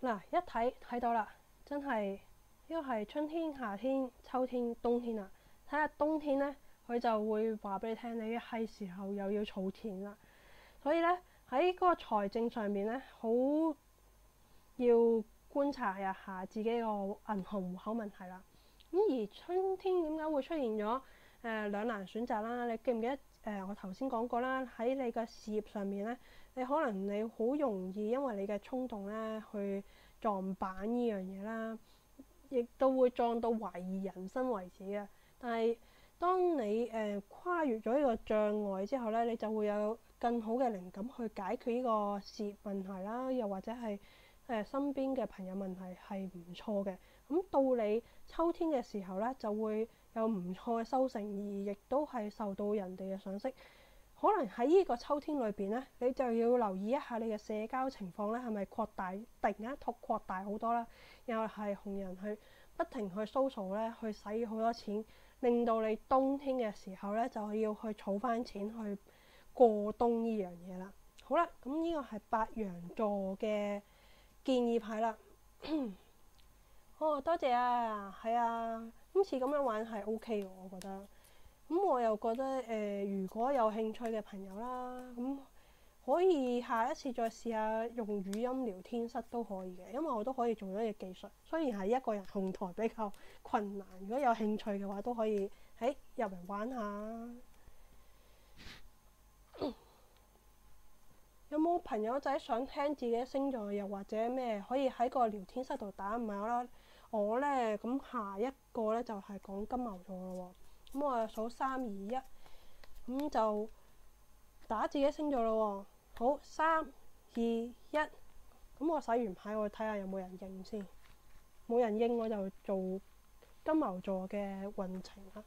嗱一睇睇到啦。真係，呢個係春天、夏天、秋天、冬天啦、啊。睇下冬天咧，佢就會話俾你聽，你係時候又要儲錢啦。所以咧，喺嗰個財政上面咧，好要觀察一下自己個銀行戶口問題啦。咁而春天點解會出現咗誒、呃、兩難選擇啦？你記唔記得誒、呃？我頭先講過啦，喺你嘅事業上面咧，你可能你好容易因為你嘅衝動咧去，撞板呢樣嘢啦，亦都會撞到懷疑人生為止嘅。但係當你誒、呃、跨越咗呢個障礙之後咧，你就會有更好嘅靈感去解決呢個事業問題啦，又或者係誒、呃、身邊嘅朋友問題係唔錯嘅。咁到你秋天嘅時候咧，就會有唔錯嘅收成，而亦都係受到人哋嘅賞識。可能喺呢個秋天裏邊咧，你就要留意一下你嘅社交情況咧，係咪擴大？突然間突擴大好多啦，又係紅人去不停去 social 咧，去使好多錢，令到你冬天嘅時候咧，就要去儲翻錢去過冬呢樣嘢啦。好啦，咁呢個係白羊座嘅建議牌啦。 哦，多謝啊，係啊，今次咁樣玩係 OK 嘅，我覺得。咁、嗯、我又覺得誒、呃，如果有興趣嘅朋友啦，咁、嗯、可以下一次再試下用語音聊天室都可以嘅，因為我都可以做呢樣技術。雖然係一個人同台比較困難，如果有興趣嘅話，都可以唉、欸，入嚟玩下。 有冇朋友仔想聽自己星座又或者咩？可以喺個聊天室度打，唔係我啦。我呢，咁下一個呢，就係、是、講金牛座咯喎。咁我就數三二一，咁就打自己星座咯喎。好，三二一，咁我洗完牌，我睇下有冇人應先。冇人應，我就做金牛座嘅運程啦。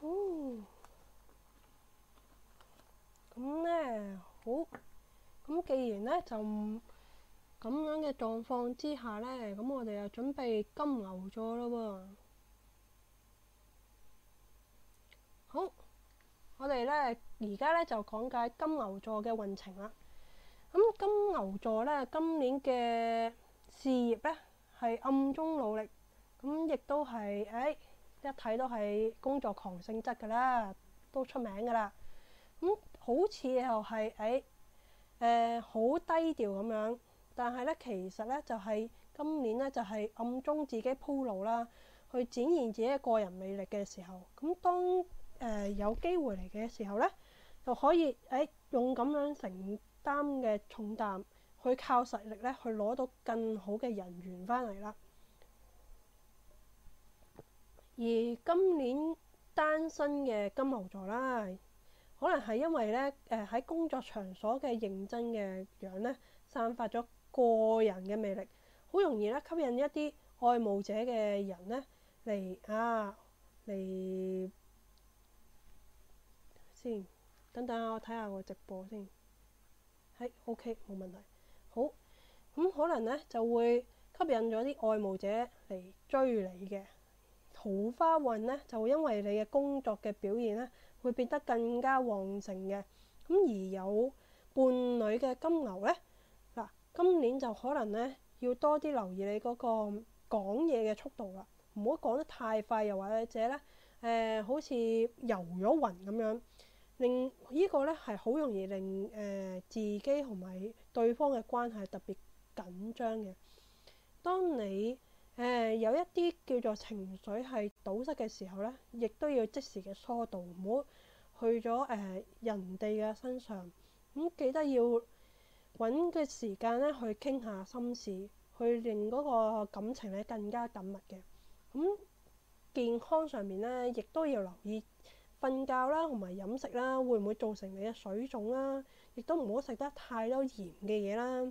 哦，咁呢，好。咁既然呢就咁樣嘅狀況之下呢，咁我哋就準備金牛座咯喎。好，我哋呢而家呢就講解金牛座嘅運程啦。咁金牛座呢今年嘅事業呢係暗中努力，咁亦都係誒一睇都係工作狂性質㗎喇，都出名㗎喇。咁好似又係誒。誒好、呃、低調咁樣，但係呢，其實呢，就係、是、今年呢，就係、是、暗中自己鋪路啦，去展現自己嘅個人魅力嘅時候，咁當誒、呃、有機會嚟嘅時候呢，就可以誒、哎、用咁樣承擔嘅重擔，去靠實力呢，去攞到更好嘅人緣翻嚟啦。而今年單身嘅金牛座啦。可能係因為咧，誒喺工作場所嘅認真嘅樣咧，散發咗個人嘅魅力，好容易咧，吸引一啲愛慕者嘅人咧嚟啊嚟先，等等啊，我睇下個直播先，係 OK 冇問題，好，咁可能咧就會吸引咗啲愛慕者嚟追你嘅桃花運咧，就會因為你嘅工作嘅表現咧。會變得更加旺盛嘅，咁而有伴侶嘅金牛咧，嗱，今年就可能咧要多啲留意你嗰個講嘢嘅速度啦，唔好講得太快，又或者咧，誒、呃、好似遊咗魂咁樣，令呢個咧係好容易令誒、呃、自己同埋對方嘅關係特別緊張嘅。當你誒、呃、有一啲叫做情緒係堵塞嘅時候咧，亦都要即時嘅疏導，唔好去咗誒、呃、人哋嘅身上。咁、嗯、記得要揾嘅時間咧，去傾下心事，去令嗰個感情咧更加緊密嘅。咁、嗯、健康上面咧，亦都要留意瞓覺啦，同埋飲食啦，會唔會造成你嘅水腫啦、啊？亦都唔好食得太多鹽嘅嘢啦。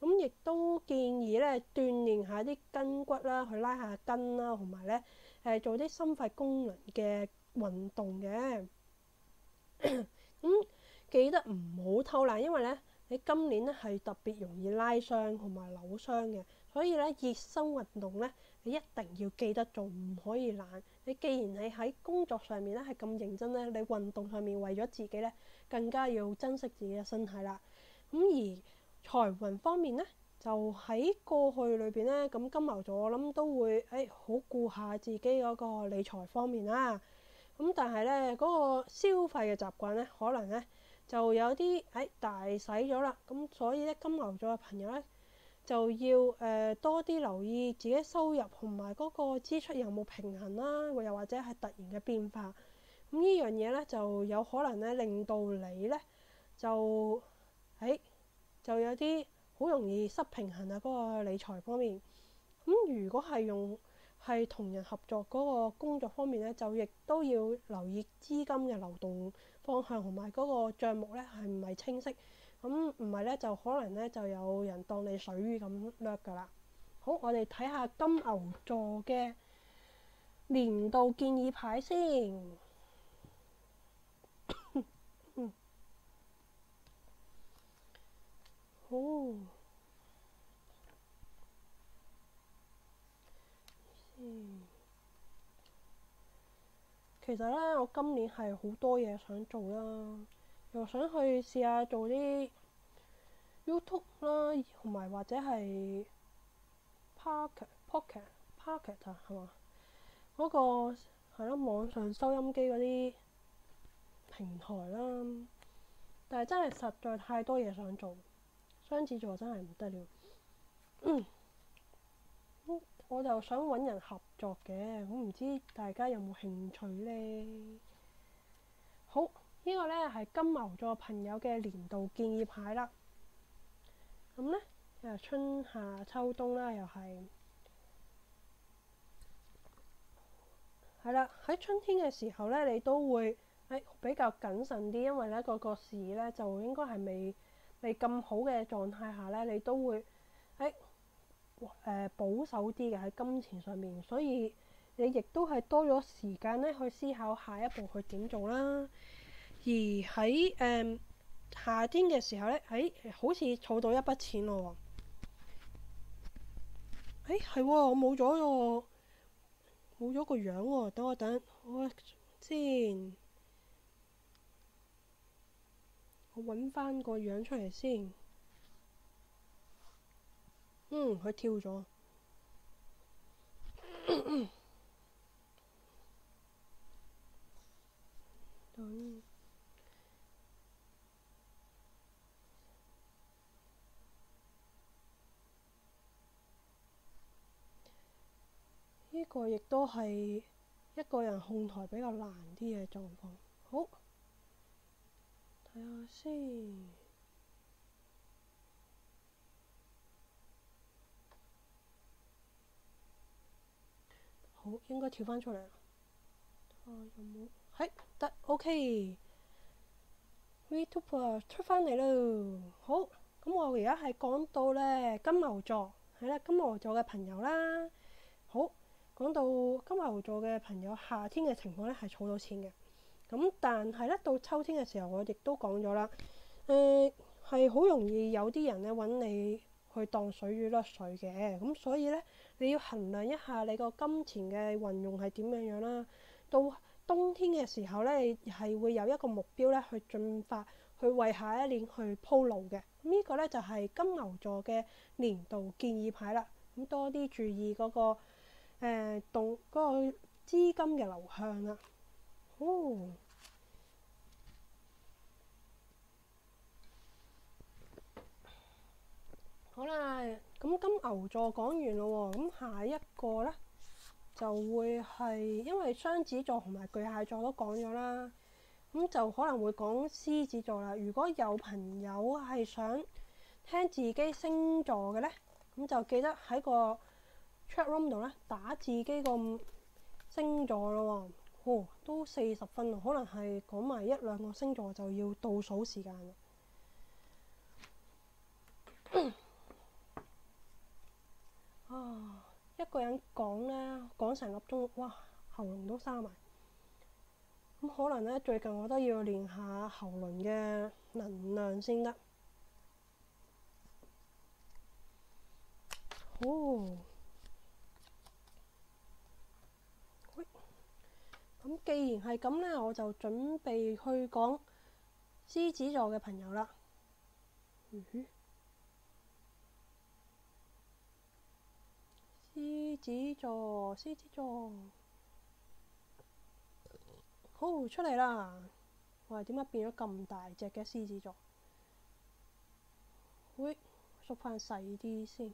咁亦都建議咧鍛鍊下啲筋骨啦，去拉下筋啦，同埋咧誒做啲心肺功能嘅運動嘅。咁、 嗯、記得唔好偷懶，因為咧你今年咧係特別容易拉傷同埋扭傷嘅，所以咧熱身運動咧你一定要記得做，唔可以懶。你既然你喺工作上面咧係咁認真咧，你運動上面為咗自己咧更加要珍惜自己嘅身體啦。咁而財運方面咧，就喺過去裏邊咧，咁金牛座我諗都會誒好、哎、顧下自己嗰個理財方面啦。咁但係咧，嗰、那個消費嘅習慣咧，可能咧就有啲誒、哎、大使大洗咗啦。咁所以咧，金牛座嘅朋友咧就要誒、呃、多啲留意自己收入同埋嗰個支出有冇平衡啦、啊，又或者係突然嘅變化。咁呢樣嘢咧就有可能咧令到你咧就誒。哎就有啲好容易失平衡啊！嗰個理財方面，咁如果係用係同人合作嗰個工作方面咧，就亦都要留意資金嘅流動方向同埋嗰個帳目咧，係唔係清晰？咁唔係咧，就可能咧就有人當你水魚咁掠噶啦。好，我哋睇下金牛座嘅年度建議牌先。哦，其實呢，我今年係好多嘢想做啦，又想去試下做啲 YouTube 啦，同埋或者係 pocket pocket pocket 啊，係嘛？嗰個係咯，網上收音機嗰啲平台啦，但係真係實在太多嘢想做。雙子座真係唔得了，嗯，我就想揾人合作嘅，我唔知大家有冇興趣呢？好，呢、這個呢係金牛座朋友嘅年度建議牌啦。咁、嗯、呢，春夏秋冬啦，又係，係啦。喺春天嘅時候呢，你都會、哎、比較謹慎啲，因為呢個、嗰個市呢，就應該係未。你咁好嘅狀態下呢，你都會誒、哎呃、保守啲嘅喺金錢上面，所以你亦都係多咗時間呢去思考下一步去點做啦。而喺、嗯、夏天嘅時候呢，喺、哎、好似儲到一筆錢咯喎。誒係喎，我冇咗喎，冇咗個樣喎、哦。等我等，我先。搵翻個樣出嚟先。嗯，佢跳咗。呢個亦都係一個人控台比較難啲嘅狀況。好。我要睇，好應該跳翻出嚟有冇？係得 OK YouTube 啊，出翻嚟咯。好，咁、啊 OK、我而家係講到咧金牛座，係啦金牛座嘅朋友啦。好，講到金牛座嘅朋友，夏天嘅情況咧係儲到錢嘅。咁但係咧，到秋天嘅時候，我亦都講咗啦，誒係好容易有啲人咧揾你去當水魚甩水嘅。咁所以咧你要衡量一下你個金錢嘅運用係點樣樣啦。到冬天嘅時候咧，你係會有一個目標咧去進發，去為下一年去鋪路嘅。咁呢個咧就係、是、金牛座嘅年度建議牌啦。咁多啲注意嗰、那個誒、呃、動嗰、那個資金嘅流向啊！哦、好啦，咁金牛座講完咯，咁下一個呢，就會係，因為雙子座同埋巨蟹座都講咗啦，咁就可能會講獅子座啦。如果有朋友係想聽自己星座嘅呢，咁就記得喺個 chat room 度呢，打自己個星座咯。哦，都四十分啦，可能係講埋一兩個星座就要倒數時間啦。 啊，一個人講呢，講成粒鐘，哇，喉嚨都沙埋。咁可能呢，最近我都要練下喉輪嘅能量先得。哦。咁既然係咁呢，我就準備去講獅子座嘅朋友啦。獅、嗯、子座，獅子座，好出嚟啦！喂、哎，點解變咗咁大隻嘅獅子座？喂、哎，縮翻細啲先。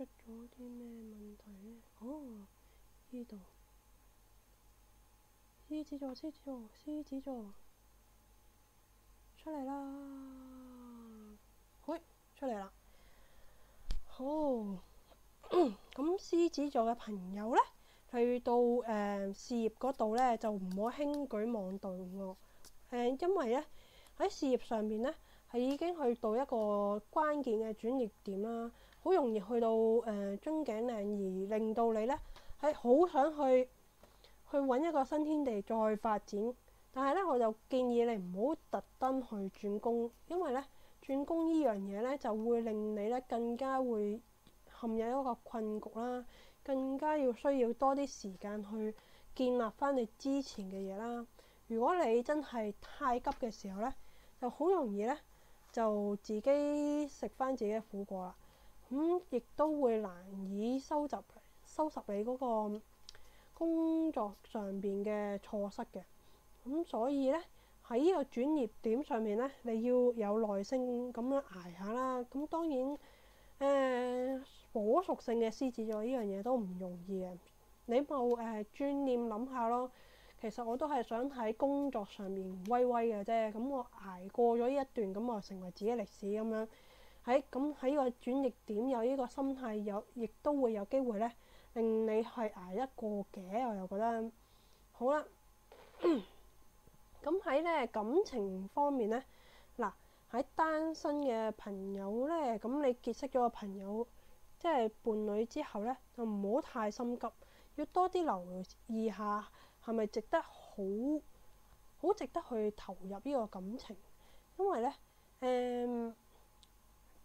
出咗啲咩問題咧？哦，呢度獅子座，獅子座，獅子座，出嚟啦！喂，出嚟啦！好，咁獅子座嘅朋友咧，去到誒事業嗰度咧，就唔好輕舉妄動哦。誒，因為咧喺事業上面咧，係已經去到一個關鍵嘅轉折點啦。好容易去到誒、呃、樽頸靭，而令到你咧係好想去去揾一個新天地再發展。但係咧，我就建議你唔好特登去轉工，因為咧轉工呢樣嘢咧就會令你咧更加會陷入一個困局啦，更加要需要多啲時間去建立翻你之前嘅嘢啦。如果你真係太急嘅時候咧，就好容易咧就自己食翻自己嘅苦果啦。咁亦都會難以收集、收拾你嗰個工作上邊嘅錯失嘅。咁所以咧，喺呢個轉捩點上面咧，你要有耐性咁樣捱下啦。咁當然，誒、呃、火屬性嘅獅子座呢樣嘢都唔容易嘅。你冇誒專念諗下咯，其實我都係想喺工作上面威威嘅啫。咁我捱過咗呢一段，咁我成為自己歷史咁樣。喺咁喺呢個轉逆點有呢個心態，有亦都會有機會咧，令你係捱一個嘅。我又覺得好啦。咁喺咧感情方面咧，嗱喺單身嘅朋友咧，咁你結識咗個朋友即係伴侶之後咧，就唔好太心急，要多啲留意下係咪值得好好值得去投入呢個感情，因為咧誒。嗯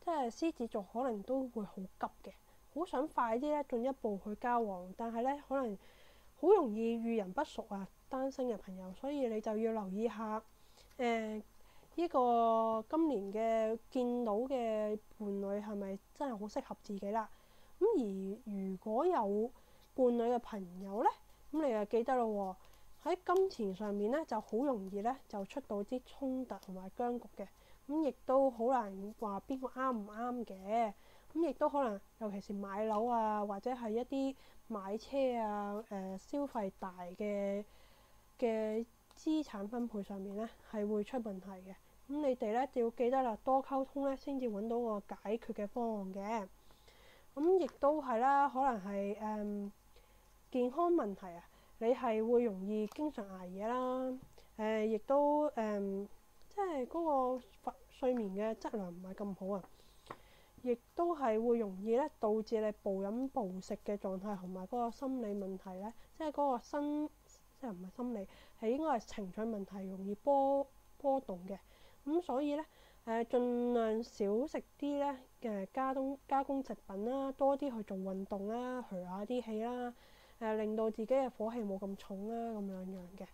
即係獅子座可能都會好急嘅，好想快啲咧進一步去交往，但係咧可能好容易遇人不淑啊，單身嘅朋友，所以你就要留意下誒依、呃這個今年嘅見到嘅伴侶係咪真係好適合自己啦。咁而如果有伴侶嘅朋友咧，咁你又記得咯喎，喺金錢上面咧就好容易咧就出到啲衝突同埋僵局嘅。咁亦、嗯、都好難話邊個啱唔啱嘅，咁、嗯、亦都可能，尤其是買樓啊，或者係一啲買車啊，誒、呃，消費大嘅嘅資產分配上面咧，係會出問題嘅。咁、嗯、你哋咧就要記得啦，多溝通咧，先至揾到個解決嘅方案嘅。咁、嗯、亦都係啦，可能係誒、嗯、健康問題啊，你係會容易經常捱嘢啦，誒、呃，亦都誒。嗯即係嗰個睡眠嘅質量唔係咁好啊，亦都係會容易咧導致你暴飲暴食嘅狀態，同埋嗰個心理問題咧，即係嗰個心即係唔係心理，係應該係情緒問題，容易波波動嘅。咁所以咧，誒、呃、盡量少食啲咧誒加工加工食品啦，多啲去做運動啦，排下啲氣啦，誒、呃、令到自己嘅火氣冇咁重啦，咁樣樣嘅。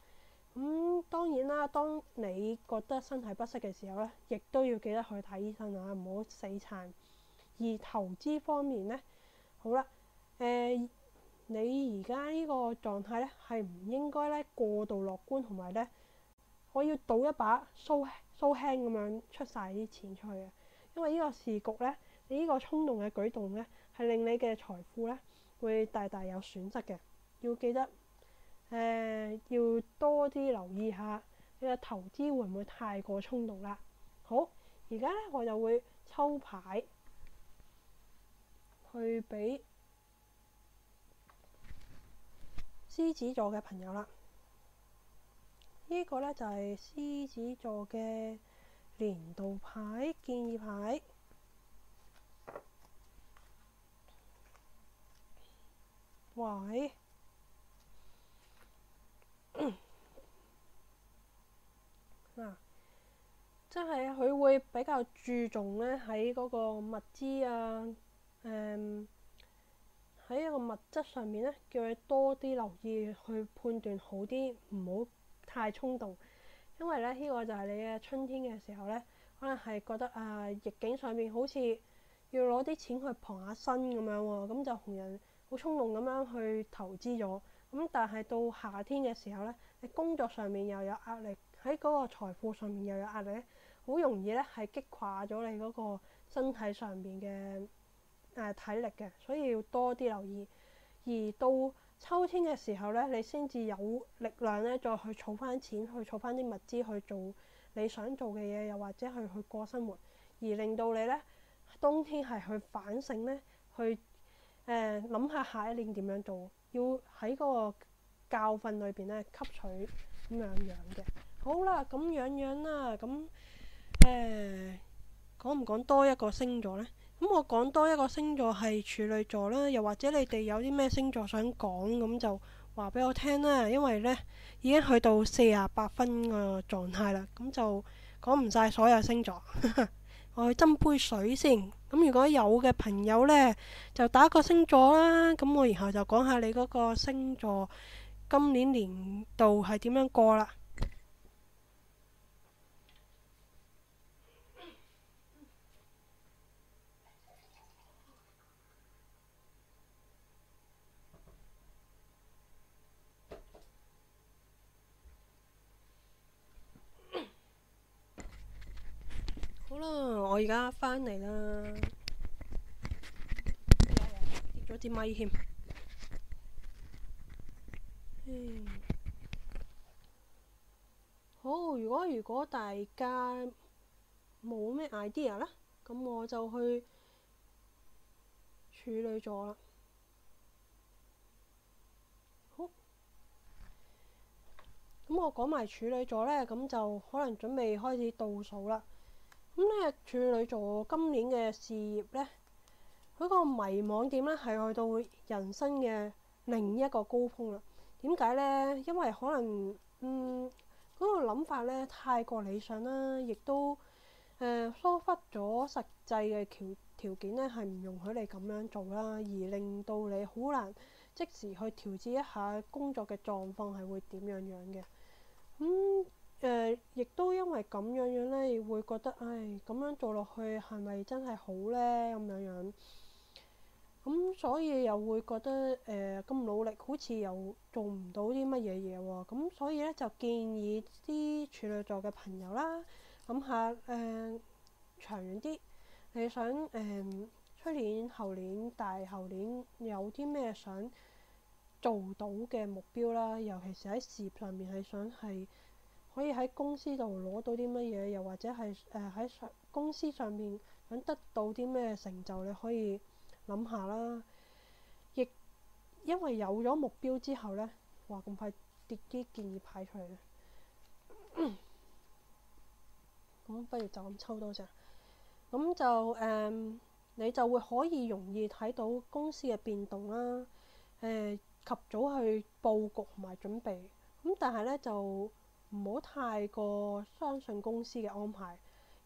咁、嗯、當然啦，當你覺得身體不適嘅時候咧，亦都要記得去睇醫生啊，唔好死撐。而投資方面咧，好啦，誒、呃，你而家呢個狀態咧係唔應該咧過度樂觀，同埋咧我要賭一把，蘇蘇輕咁樣出晒啲錢出去嘅，因為個事呢個時局咧，你呢個衝動嘅舉動咧係令你嘅財富咧會大大有損失嘅，要記得。誒、呃，要多啲留意下，你、這、嘅、個、投資會唔會太過衝動啦？好，而家咧我就會抽牌去俾獅子座嘅朋友啦。這個、呢個咧就係、是、獅子座嘅年度牌建議牌喂！真係佢會比較注重咧喺嗰個物資啊，誒、嗯、喺一個物質上面咧，叫你多啲留意去判斷好啲，唔好太衝動。因為咧，呢、這個就係你嘅春天嘅時候咧，可能係覺得啊逆境上面好似要攞啲錢去傍下身咁樣喎，咁就紅人好衝動咁樣去投資咗。咁但係到夏天嘅時候咧，你工作上面又有壓力，喺嗰個財富上面又有壓力咧。好容易咧，係擊垮咗你嗰個身體上邊嘅誒體力嘅，所以要多啲留意。而到秋天嘅時候咧，你先至有力量咧，再去儲翻錢，去儲翻啲物資去做你想做嘅嘢，又或者係去，去過生活，而令到你咧冬天係去反省咧，去誒諗、呃、下下一年點樣做，要喺嗰個教訓裏邊咧吸取咁樣樣嘅。好啦，咁樣樣啦，咁。誒，講唔講多一個星座呢？咁我講多一個星座係處女座啦，又或者你哋有啲咩星座想講，咁就話俾我聽啦。因為呢已經去到四十八分嘅狀態啦，咁就講唔晒所有星座。 我去斟杯水先。咁如果有嘅朋友呢，就打個星座啦。咁我然後就講下你嗰個星座今年年度係點樣過啦。啦！我而家翻嚟啦，接咗支咪添。好，如果如果大家冇咩 idea 咧，咁我就去處女座啦。好，咁我講埋處女座呢，咁就可能準備開始倒數啦。咁咧、嗯，處女座今年嘅事業咧，佢個迷惘點咧係去到人生嘅另一個高峰啦。點解咧？因為可能，嗯，嗰、那個諗法咧太過理想啦，亦都，誒、呃，疏忽咗實際嘅條條件咧係唔容許你咁樣做啦，而令到你好難即時去調節一下工作嘅狀況係會點樣樣嘅。咁、嗯。誒、呃，亦都因為咁樣樣咧，會覺得唉，咁樣做落去係咪真係好咧？咁樣樣咁、嗯，所以又會覺得誒咁、呃、努力，好似又做唔到啲乜嘢嘢喎。咁、嗯、所以咧，就建議啲處女座嘅朋友啦，諗下誒、呃、長遠啲，你想誒出、呃、年、後年、大後年有啲咩想做到嘅目標啦，尤其是喺事業上面係想係。可以喺公司度攞到啲乜嘢，又或者係誒喺上公司上面想得到啲咩成就，你可以諗下啦。亦因為有咗目標之後咧，話咁快跌啲建議排出嚟嘅，咁不如就咁抽多隻。咁就誒，你就會可以容易睇到公司嘅變動啦。誒，及早去佈局同埋準備。咁但係咧就。唔好太過相信公司嘅安排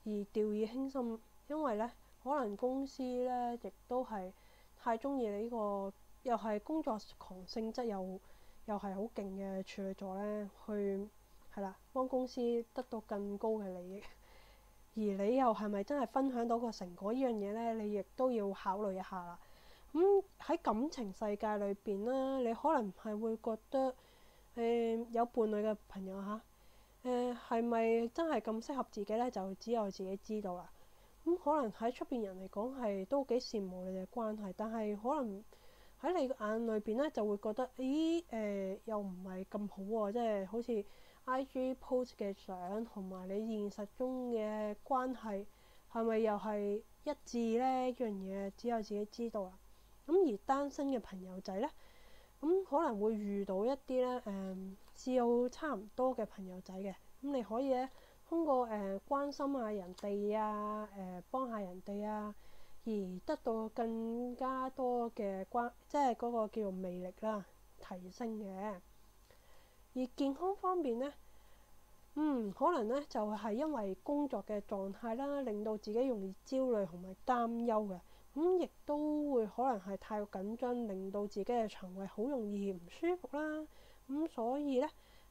而掉以輕心，因為咧可能公司咧亦都係太中意你呢個又係工作狂性質又又係好勁嘅處女座咧，去係啦幫公司得到更高嘅利益，而你又係咪真係分享到個成果？呢樣嘢咧，你亦都要考慮一下啦。咁、嗯、喺感情世界裏邊啦，你可能係會覺得誒、嗯、有伴侶嘅朋友嚇。誒係咪真係咁適合自己咧？就只有自己知道啦。咁、嗯、可能喺出邊人嚟講係都幾羨慕你嘅關係，但係可能喺你嘅眼裏邊咧就會覺得，咦誒、呃、又唔係咁好喎、啊，即、就、係、是、好似 IG post 嘅相同埋你現實中嘅關係係咪又係一致咧？呢樣嘢只有自己知道啦。咁、嗯、而單身嘅朋友仔咧，咁、嗯、可能會遇到一啲咧誒。嗯有差唔多嘅朋友仔嘅，咁你可以咧，通過誒、呃、關心下人哋啊，誒、呃、幫下人哋啊，而得到更加多嘅關，即係嗰個叫做魅力啦，提升嘅。而健康方面咧，嗯，可能咧就係、是、因為工作嘅狀態啦，令到自己容易焦慮同埋擔憂嘅，咁亦都會可能係太緊張，令到自己嘅腸胃好容易唔舒服啦。咁所以咧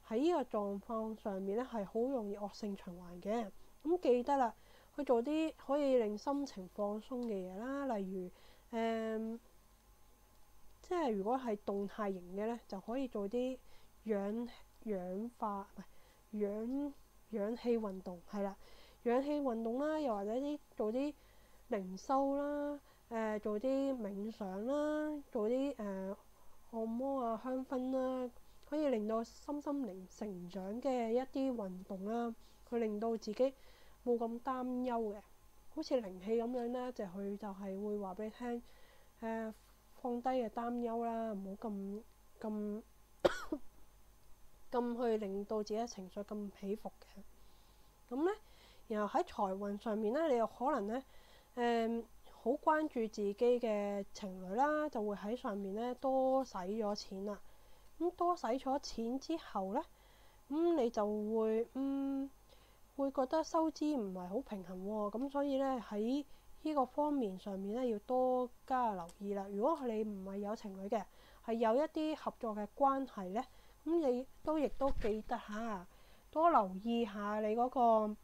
喺呢個狀況上面咧係好容易惡性循環嘅。咁、嗯、記得啦，去做啲可以令心情放鬆嘅嘢啦，例如誒、呃，即係如果係動態型嘅咧，就可以做啲氧氧化，唔係，氧氧氣運動係啦，氧氣運動啦，又或者啲做啲靈修啦，誒、呃、做啲冥想啦，做啲誒、呃、按摩啊、香薰啦。可以令到心心靈成長嘅一啲運動啦，佢令到自己冇咁擔憂嘅，好似靈氣咁樣啦，就佢、是、就係會話俾你聽，誒、呃、放低嘅擔憂啦，唔好咁咁咁去令到自己嘅情緒咁起伏嘅。咁咧，然後喺財運上面咧，你又可能咧誒好關注自己嘅情侶啦，就會喺上面咧多使咗錢啦。咁多使咗錢之後咧，咁、嗯、你就會嗯會覺得收支唔係好平衡喎。咁所以咧喺呢個方面上面咧要多加留意啦。如果你唔係有情侶嘅，係有一啲合作嘅關係咧，咁你都亦都記得嚇，多留意下你嗰個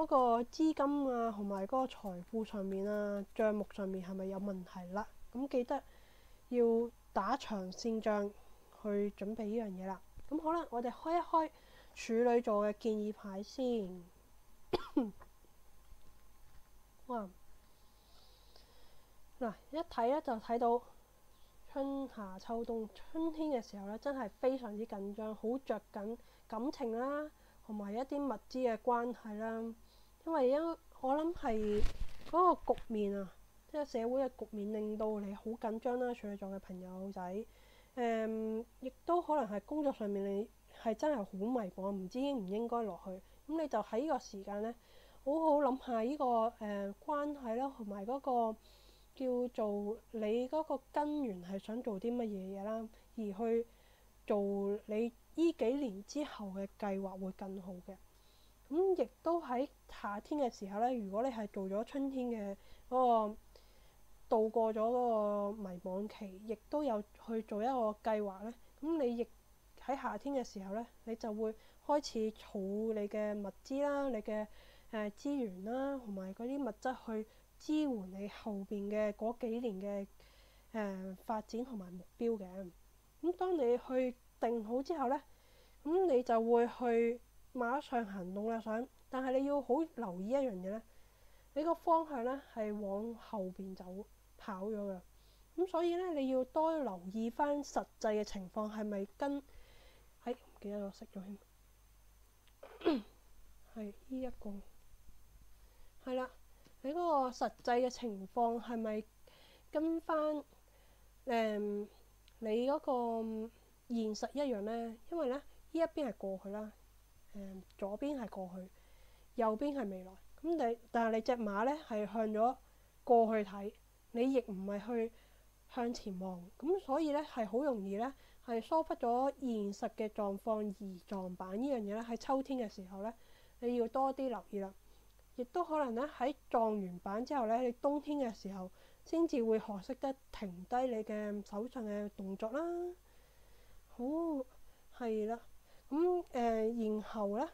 嗰個資金啊，同埋嗰個財富上面啊，帳目上面係咪有問題啦？咁記得要打長線仗。去準備呢樣嘢啦，咁好啦，我哋開一開處女座嘅建議牌先。 哇！嗱，一睇咧就睇到春夏秋冬，春天嘅時候咧真係非常之緊張，好着緊感情啦，同埋一啲物資嘅關係啦。因為因我諗係嗰個局面啊，即係社會嘅局面令到你好緊張啦，處女座嘅朋友仔。誒，亦、嗯、都可能係工作上面你係真係好迷茫，唔知應唔應該落去。咁你就喺呢個時間咧，好好諗下呢個誒、呃、關係啦，同埋嗰個叫做你嗰個根源係想做啲乜嘢嘢啦，而去做你呢幾年之後嘅計劃會更好嘅。咁亦都喺夏天嘅時候咧，如果你係做咗春天嘅嗰、嗰個。渡過咗嗰個迷茫期，亦都有去做一個計劃咧。咁你亦喺夏天嘅時候咧，你就會開始儲你嘅物資啦、你嘅誒資源啦，同埋嗰啲物質去支援你後邊嘅嗰幾年嘅誒、呃、發展同埋目標嘅。咁當你去定好之後咧，咁你就會去馬上行動啦。想，但係你要好留意一樣嘢咧，你個方向咧係往後邊走。考咗噶咁，所以呢，你要多留意翻實際嘅情況係咪跟？係、哎、唔記得我識咗添，係呢一個係啦。你嗰個實際嘅情況係咪跟翻誒、嗯、你嗰個現實一樣呢？因為呢，呢一邊係過去啦、嗯，左邊係過去，右邊係未來。咁但但係你隻馬呢，係向咗過去睇。你亦唔係去向前望，咁所以咧係好容易咧係疏忽咗現實嘅狀況而撞板呢樣嘢咧。喺秋天嘅時候咧，你要多啲留意啦。亦都可能咧喺撞完板之後咧，你冬天嘅時候先至會學識得停低你嘅手上嘅動作啦。好，係啦，咁誒、呃，然後咧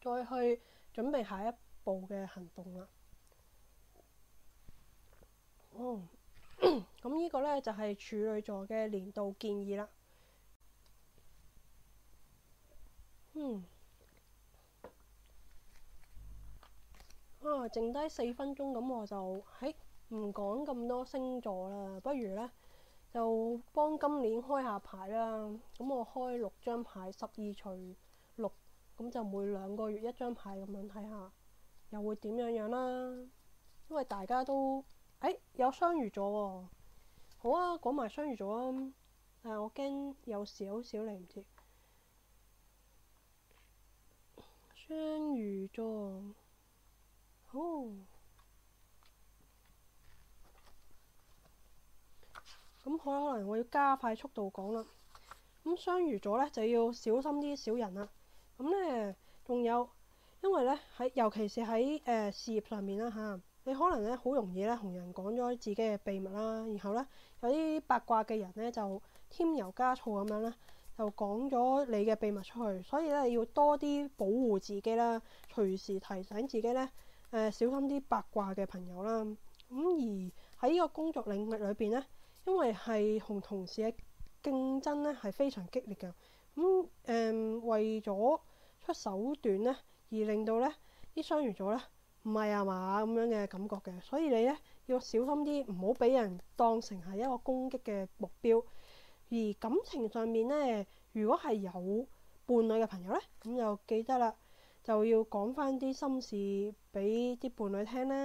再去準備下一步嘅行動啦。哦，咁呢、oh. 個呢就係處女座嘅年度建議啦。嗯啊，剩低四分鐘，咁我就喺唔講咁多星座啦。不如呢，就幫今年開下牌啦。咁我開六張牌，十二除六咁就每兩個月張一張牌咁樣睇下，又會點樣樣、啊、啦？因為大家都。哎，有雙魚座喎，哦！好啊，講埋雙魚座啊！但係我驚有少少嚟唔切雙魚座，好，咁可能我要加快速度講啦。咁雙魚座呢，就要小心啲小人啦、啊。咁呢，仲有因為呢，喺尤其是喺誒、呃、事業上面啦嚇。哈你可能咧好容易咧同人講咗自己嘅秘密啦，然後咧有啲八卦嘅人咧就添油加醋咁樣咧，就講咗你嘅秘密出去，所以咧要多啲保護自己啦，隨時提醒自己咧，誒、呃、小心啲八卦嘅朋友啦。咁、嗯、而喺呢個工作領域裏邊咧，因為係同同事嘅競爭咧係非常激烈㗎，咁、嗯、誒、嗯、為咗出手段咧，而令到咧啲雙魚座咧。唔係啊嘛，咁樣嘅感覺嘅，所以你咧要小心啲，唔好俾人當成係一個攻擊嘅目標。而感情上面咧，如果係有伴侶嘅朋友咧，咁就記得啦，就要講翻啲心事俾啲伴侶聽啦，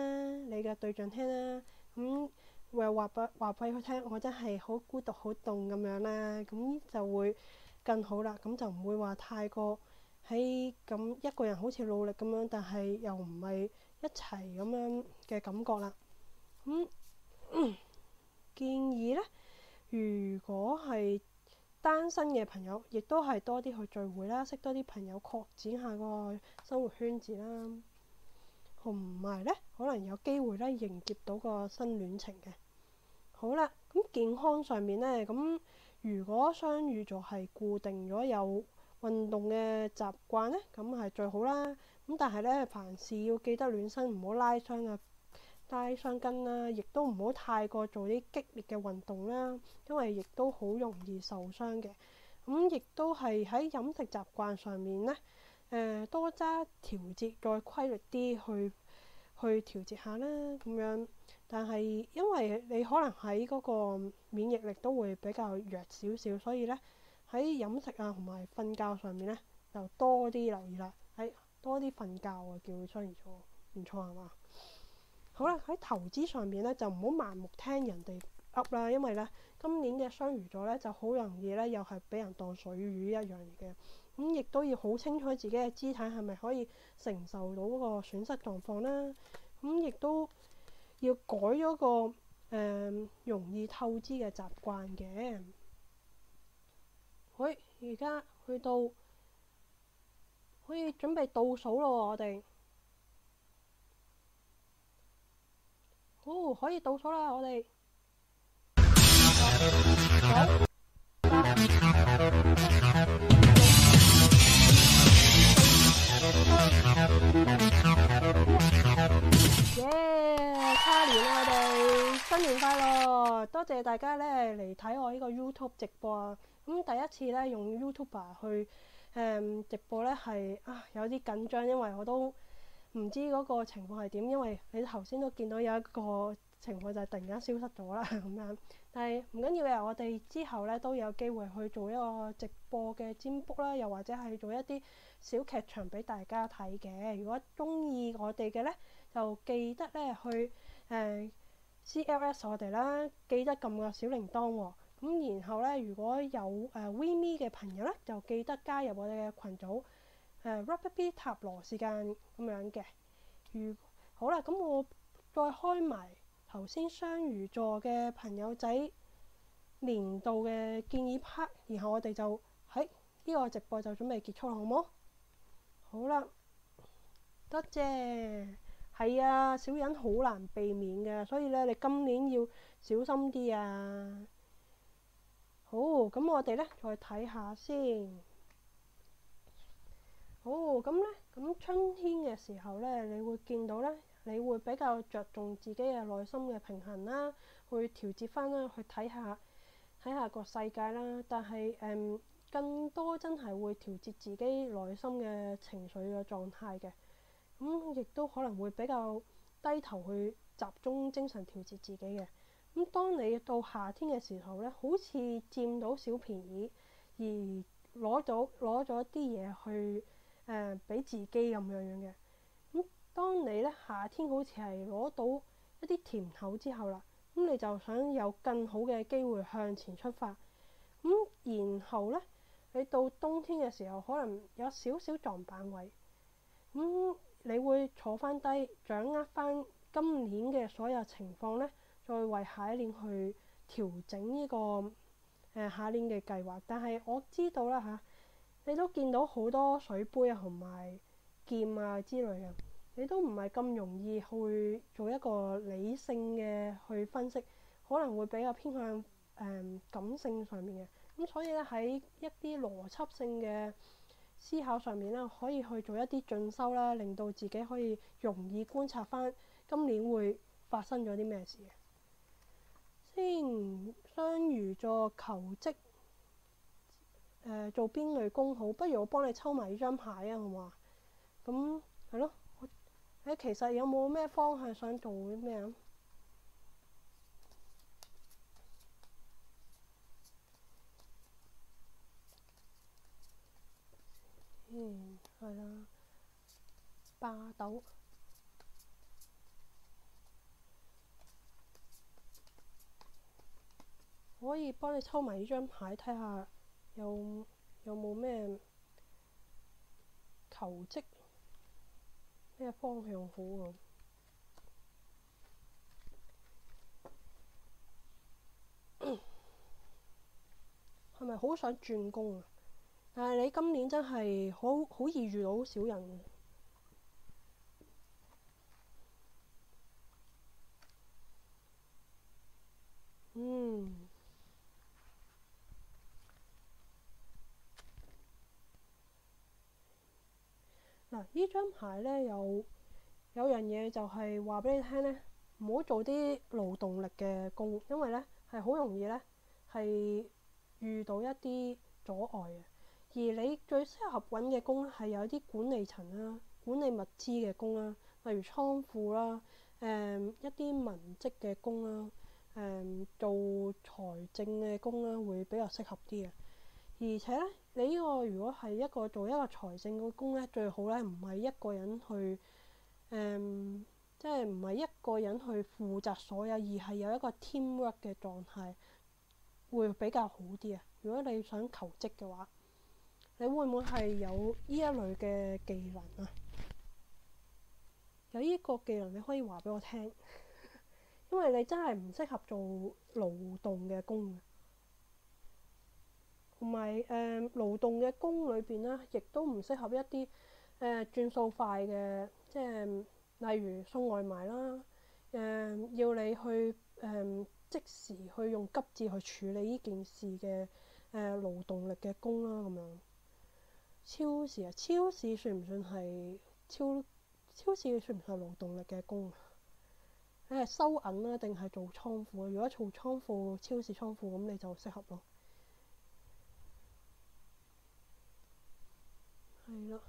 你嘅對象聽啦，咁又話俾話俾佢聽，我真係好孤獨、好凍咁樣啦，咁就會更好啦，咁就唔會話太過喺咁一個人好似努力咁樣，但係又唔係。一齊咁樣嘅感覺啦，咁、嗯嗯、建議呢，如果係單身嘅朋友，亦都係多啲去聚會啦，識多啲朋友，擴展下個生活圈子啦，同埋呢，可能有機會呢，迎接到個新戀情嘅。好啦，咁健康上面呢，咁如果雙魚座係固定咗有運動嘅習慣呢，咁係最好啦。咁但係咧，凡事要記得暖身，唔好拉傷啊，拉傷筋啦、啊，亦都唔好太過做啲激烈嘅運動啦、啊，因為亦都好容易受傷嘅。咁、嗯、亦都係喺飲食習慣上面咧，誒、呃、多加調節再規律啲去去調節下啦。咁樣，但係因為你可能喺嗰個免疫力都會比較弱少少，所以咧喺飲食啊同埋瞓覺上面咧，就多啲留意啦。多啲瞓覺啊，叫雙魚座唔錯係嘛？好啦，喺投資上面呢，就唔好盲目聽人哋噏啦，因為呢，今年嘅雙魚座呢，就好容易呢，又係俾人當水魚一樣嘅，咁、嗯、亦都要好清楚自己嘅資產係咪可以承受到嗰個損失狀況啦。咁、嗯、亦都要改咗個誒、呃、容易透支嘅習慣嘅。好，而家去到。可以準備倒數咯，我哋，哦，可以倒數啦，我哋。耶，跨、 yeah, 年啊！我哋新年快樂，多謝大家咧嚟睇我呢個 YouTube 直播啊！咁第一次咧用 YouTuber 去。誒、um, 直播咧係啊有啲緊張，因為我都唔知嗰個情況係點，因為你頭先都見到有一個情況就係突然間消失咗啦咁樣， 但係唔緊要嘅，我哋之後咧都有機會去做一個直播嘅占卜啦，又或者係做一啲小劇場俾大家睇嘅。如果中意我哋嘅咧，就記得咧去誒、呃、CLS 我哋啦，記得撳個小鈴鐺喎、哦。咁然後咧，如果有誒 MeWe 嘅朋友咧，就記得加入我哋嘅群組誒。呃、Rabbit B 塔羅時間咁樣嘅。如好啦，咁我再開埋頭先雙魚座嘅朋友仔年度嘅建議 part，然後我哋就喺呢、哎這個直播就準備結束啦，好唔好？好啦，多謝。係啊，小人好難避免嘅，所以咧，你今年要小心啲啊！好，咁我哋呢，再睇下先。好，咁呢，咁春天嘅時候呢，你會見到呢，你會比較着重自己嘅內心嘅平衡啦，去調節返啦，去睇下睇下個世界啦。但係誒、嗯，更多真係會調節自己內心嘅情緒嘅狀態嘅。咁亦都可能會比較低頭去集中精神調節自己嘅。咁當你到夏天嘅時候呢，好似佔到小便宜，而攞到攞咗啲嘢去誒俾、呃、自己咁樣樣嘅。咁當你呢夏天好似係攞到一啲甜頭之後啦，咁你就想有更好嘅機會向前出發。咁然後呢，你到冬天嘅時候，可能有少少撞板位。咁你會坐翻低，掌握翻今年嘅所有情況呢。再為下一年去調整呢、這個誒、呃、下一年嘅計劃，但係我知道啦嚇、啊，你都見到好多水杯啊，同埋劍啊之類嘅，你都唔係咁容易去做一個理性嘅去分析，可能會比較偏向誒、呃、感性上面嘅咁，所以咧喺一啲邏輯性嘅思考上面咧，可以去做一啲進修啦，令到自己可以容易觀察返今年會發生咗啲咩事嘅。先雙魚座求職，誒、呃、做邊類工好？不如我幫你抽埋呢張牌啊，好唔好啊？咁係咯，誒、其實有冇咩方向想做啲咩啊？嗯，係咯，霸道。我可以幫你抽埋呢張牌睇下，有有冇咩求職咩方向好啊？係咪好想轉工啊？但係你今年真係好好易遇到好少人。嗯。嗱，呢張牌咧有有樣嘢就係話俾你聽咧，唔好做啲勞動力嘅工，因為咧係好容易咧係遇到一啲阻礙嘅。而你最適合揾嘅工係有啲管理層啦、管理物資嘅工啦，例如倉庫啦、誒、嗯、一啲文職嘅工啦、誒、嗯、做財政嘅工啦，會比較適合啲嘅。而且咧。你呢個如果係一個做一個財政嘅工咧，最好咧唔係一個人去，誒、嗯，即係唔係一個人去負責所有，而係有一個 teamwork 嘅狀態，會比較好啲啊！如果你想求職嘅話，你會唔會係有呢一類嘅技能啊？有呢個技能你可以話俾我聽，因為你真係唔適合做勞動嘅工。同埋誒勞動嘅工裏邊咧，亦都唔適合一啲誒、呃、轉數快嘅，即係例如送外賣啦，誒、呃、要你去誒、呃、即時去用急智去處理呢件事嘅誒、呃、勞動力嘅工啦咁樣、嗯。超市啊，超市算唔算係超？超市算唔算係勞動力嘅工、呃、啊？你係收銀啦，定係做倉庫？如果做倉庫，超市倉庫咁你就適合咯。係啦，呢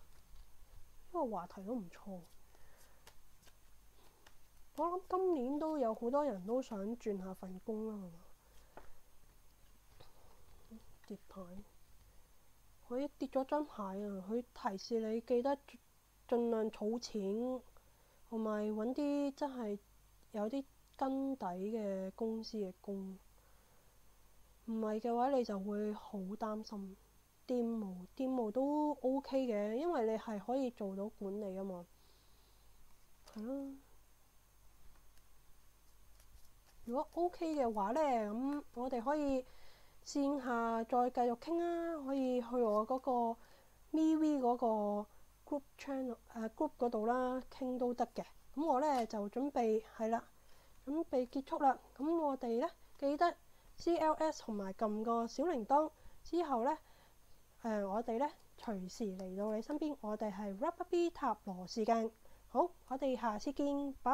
個話題都唔錯。我諗今年都有好多人都想轉下份工啦，係嘛？跌牌，佢跌咗張牌啊！佢提示你記得盡量儲錢，同埋揾啲真係有啲根底嘅公司嘅工。唔係嘅話，你就會好擔心。店務，店務都 O K 嘅，因為你係可以做到管理啊嘛，係咯。如果 O K 嘅話咧，咁我哋可以線下再繼續傾啊。可以去我嗰個 MeWe 嗰個 group channel 誒、啊、group 嗰度啦，傾都得嘅。咁我咧就準備係啦，準備結束啦。咁我哋咧記得 CLS 同埋撳個小鈴鐺之後咧。誒、呃，我哋咧隨時嚟到你身邊，我哋係 Rabbit B 塔羅時間。好，我哋下次見，拜。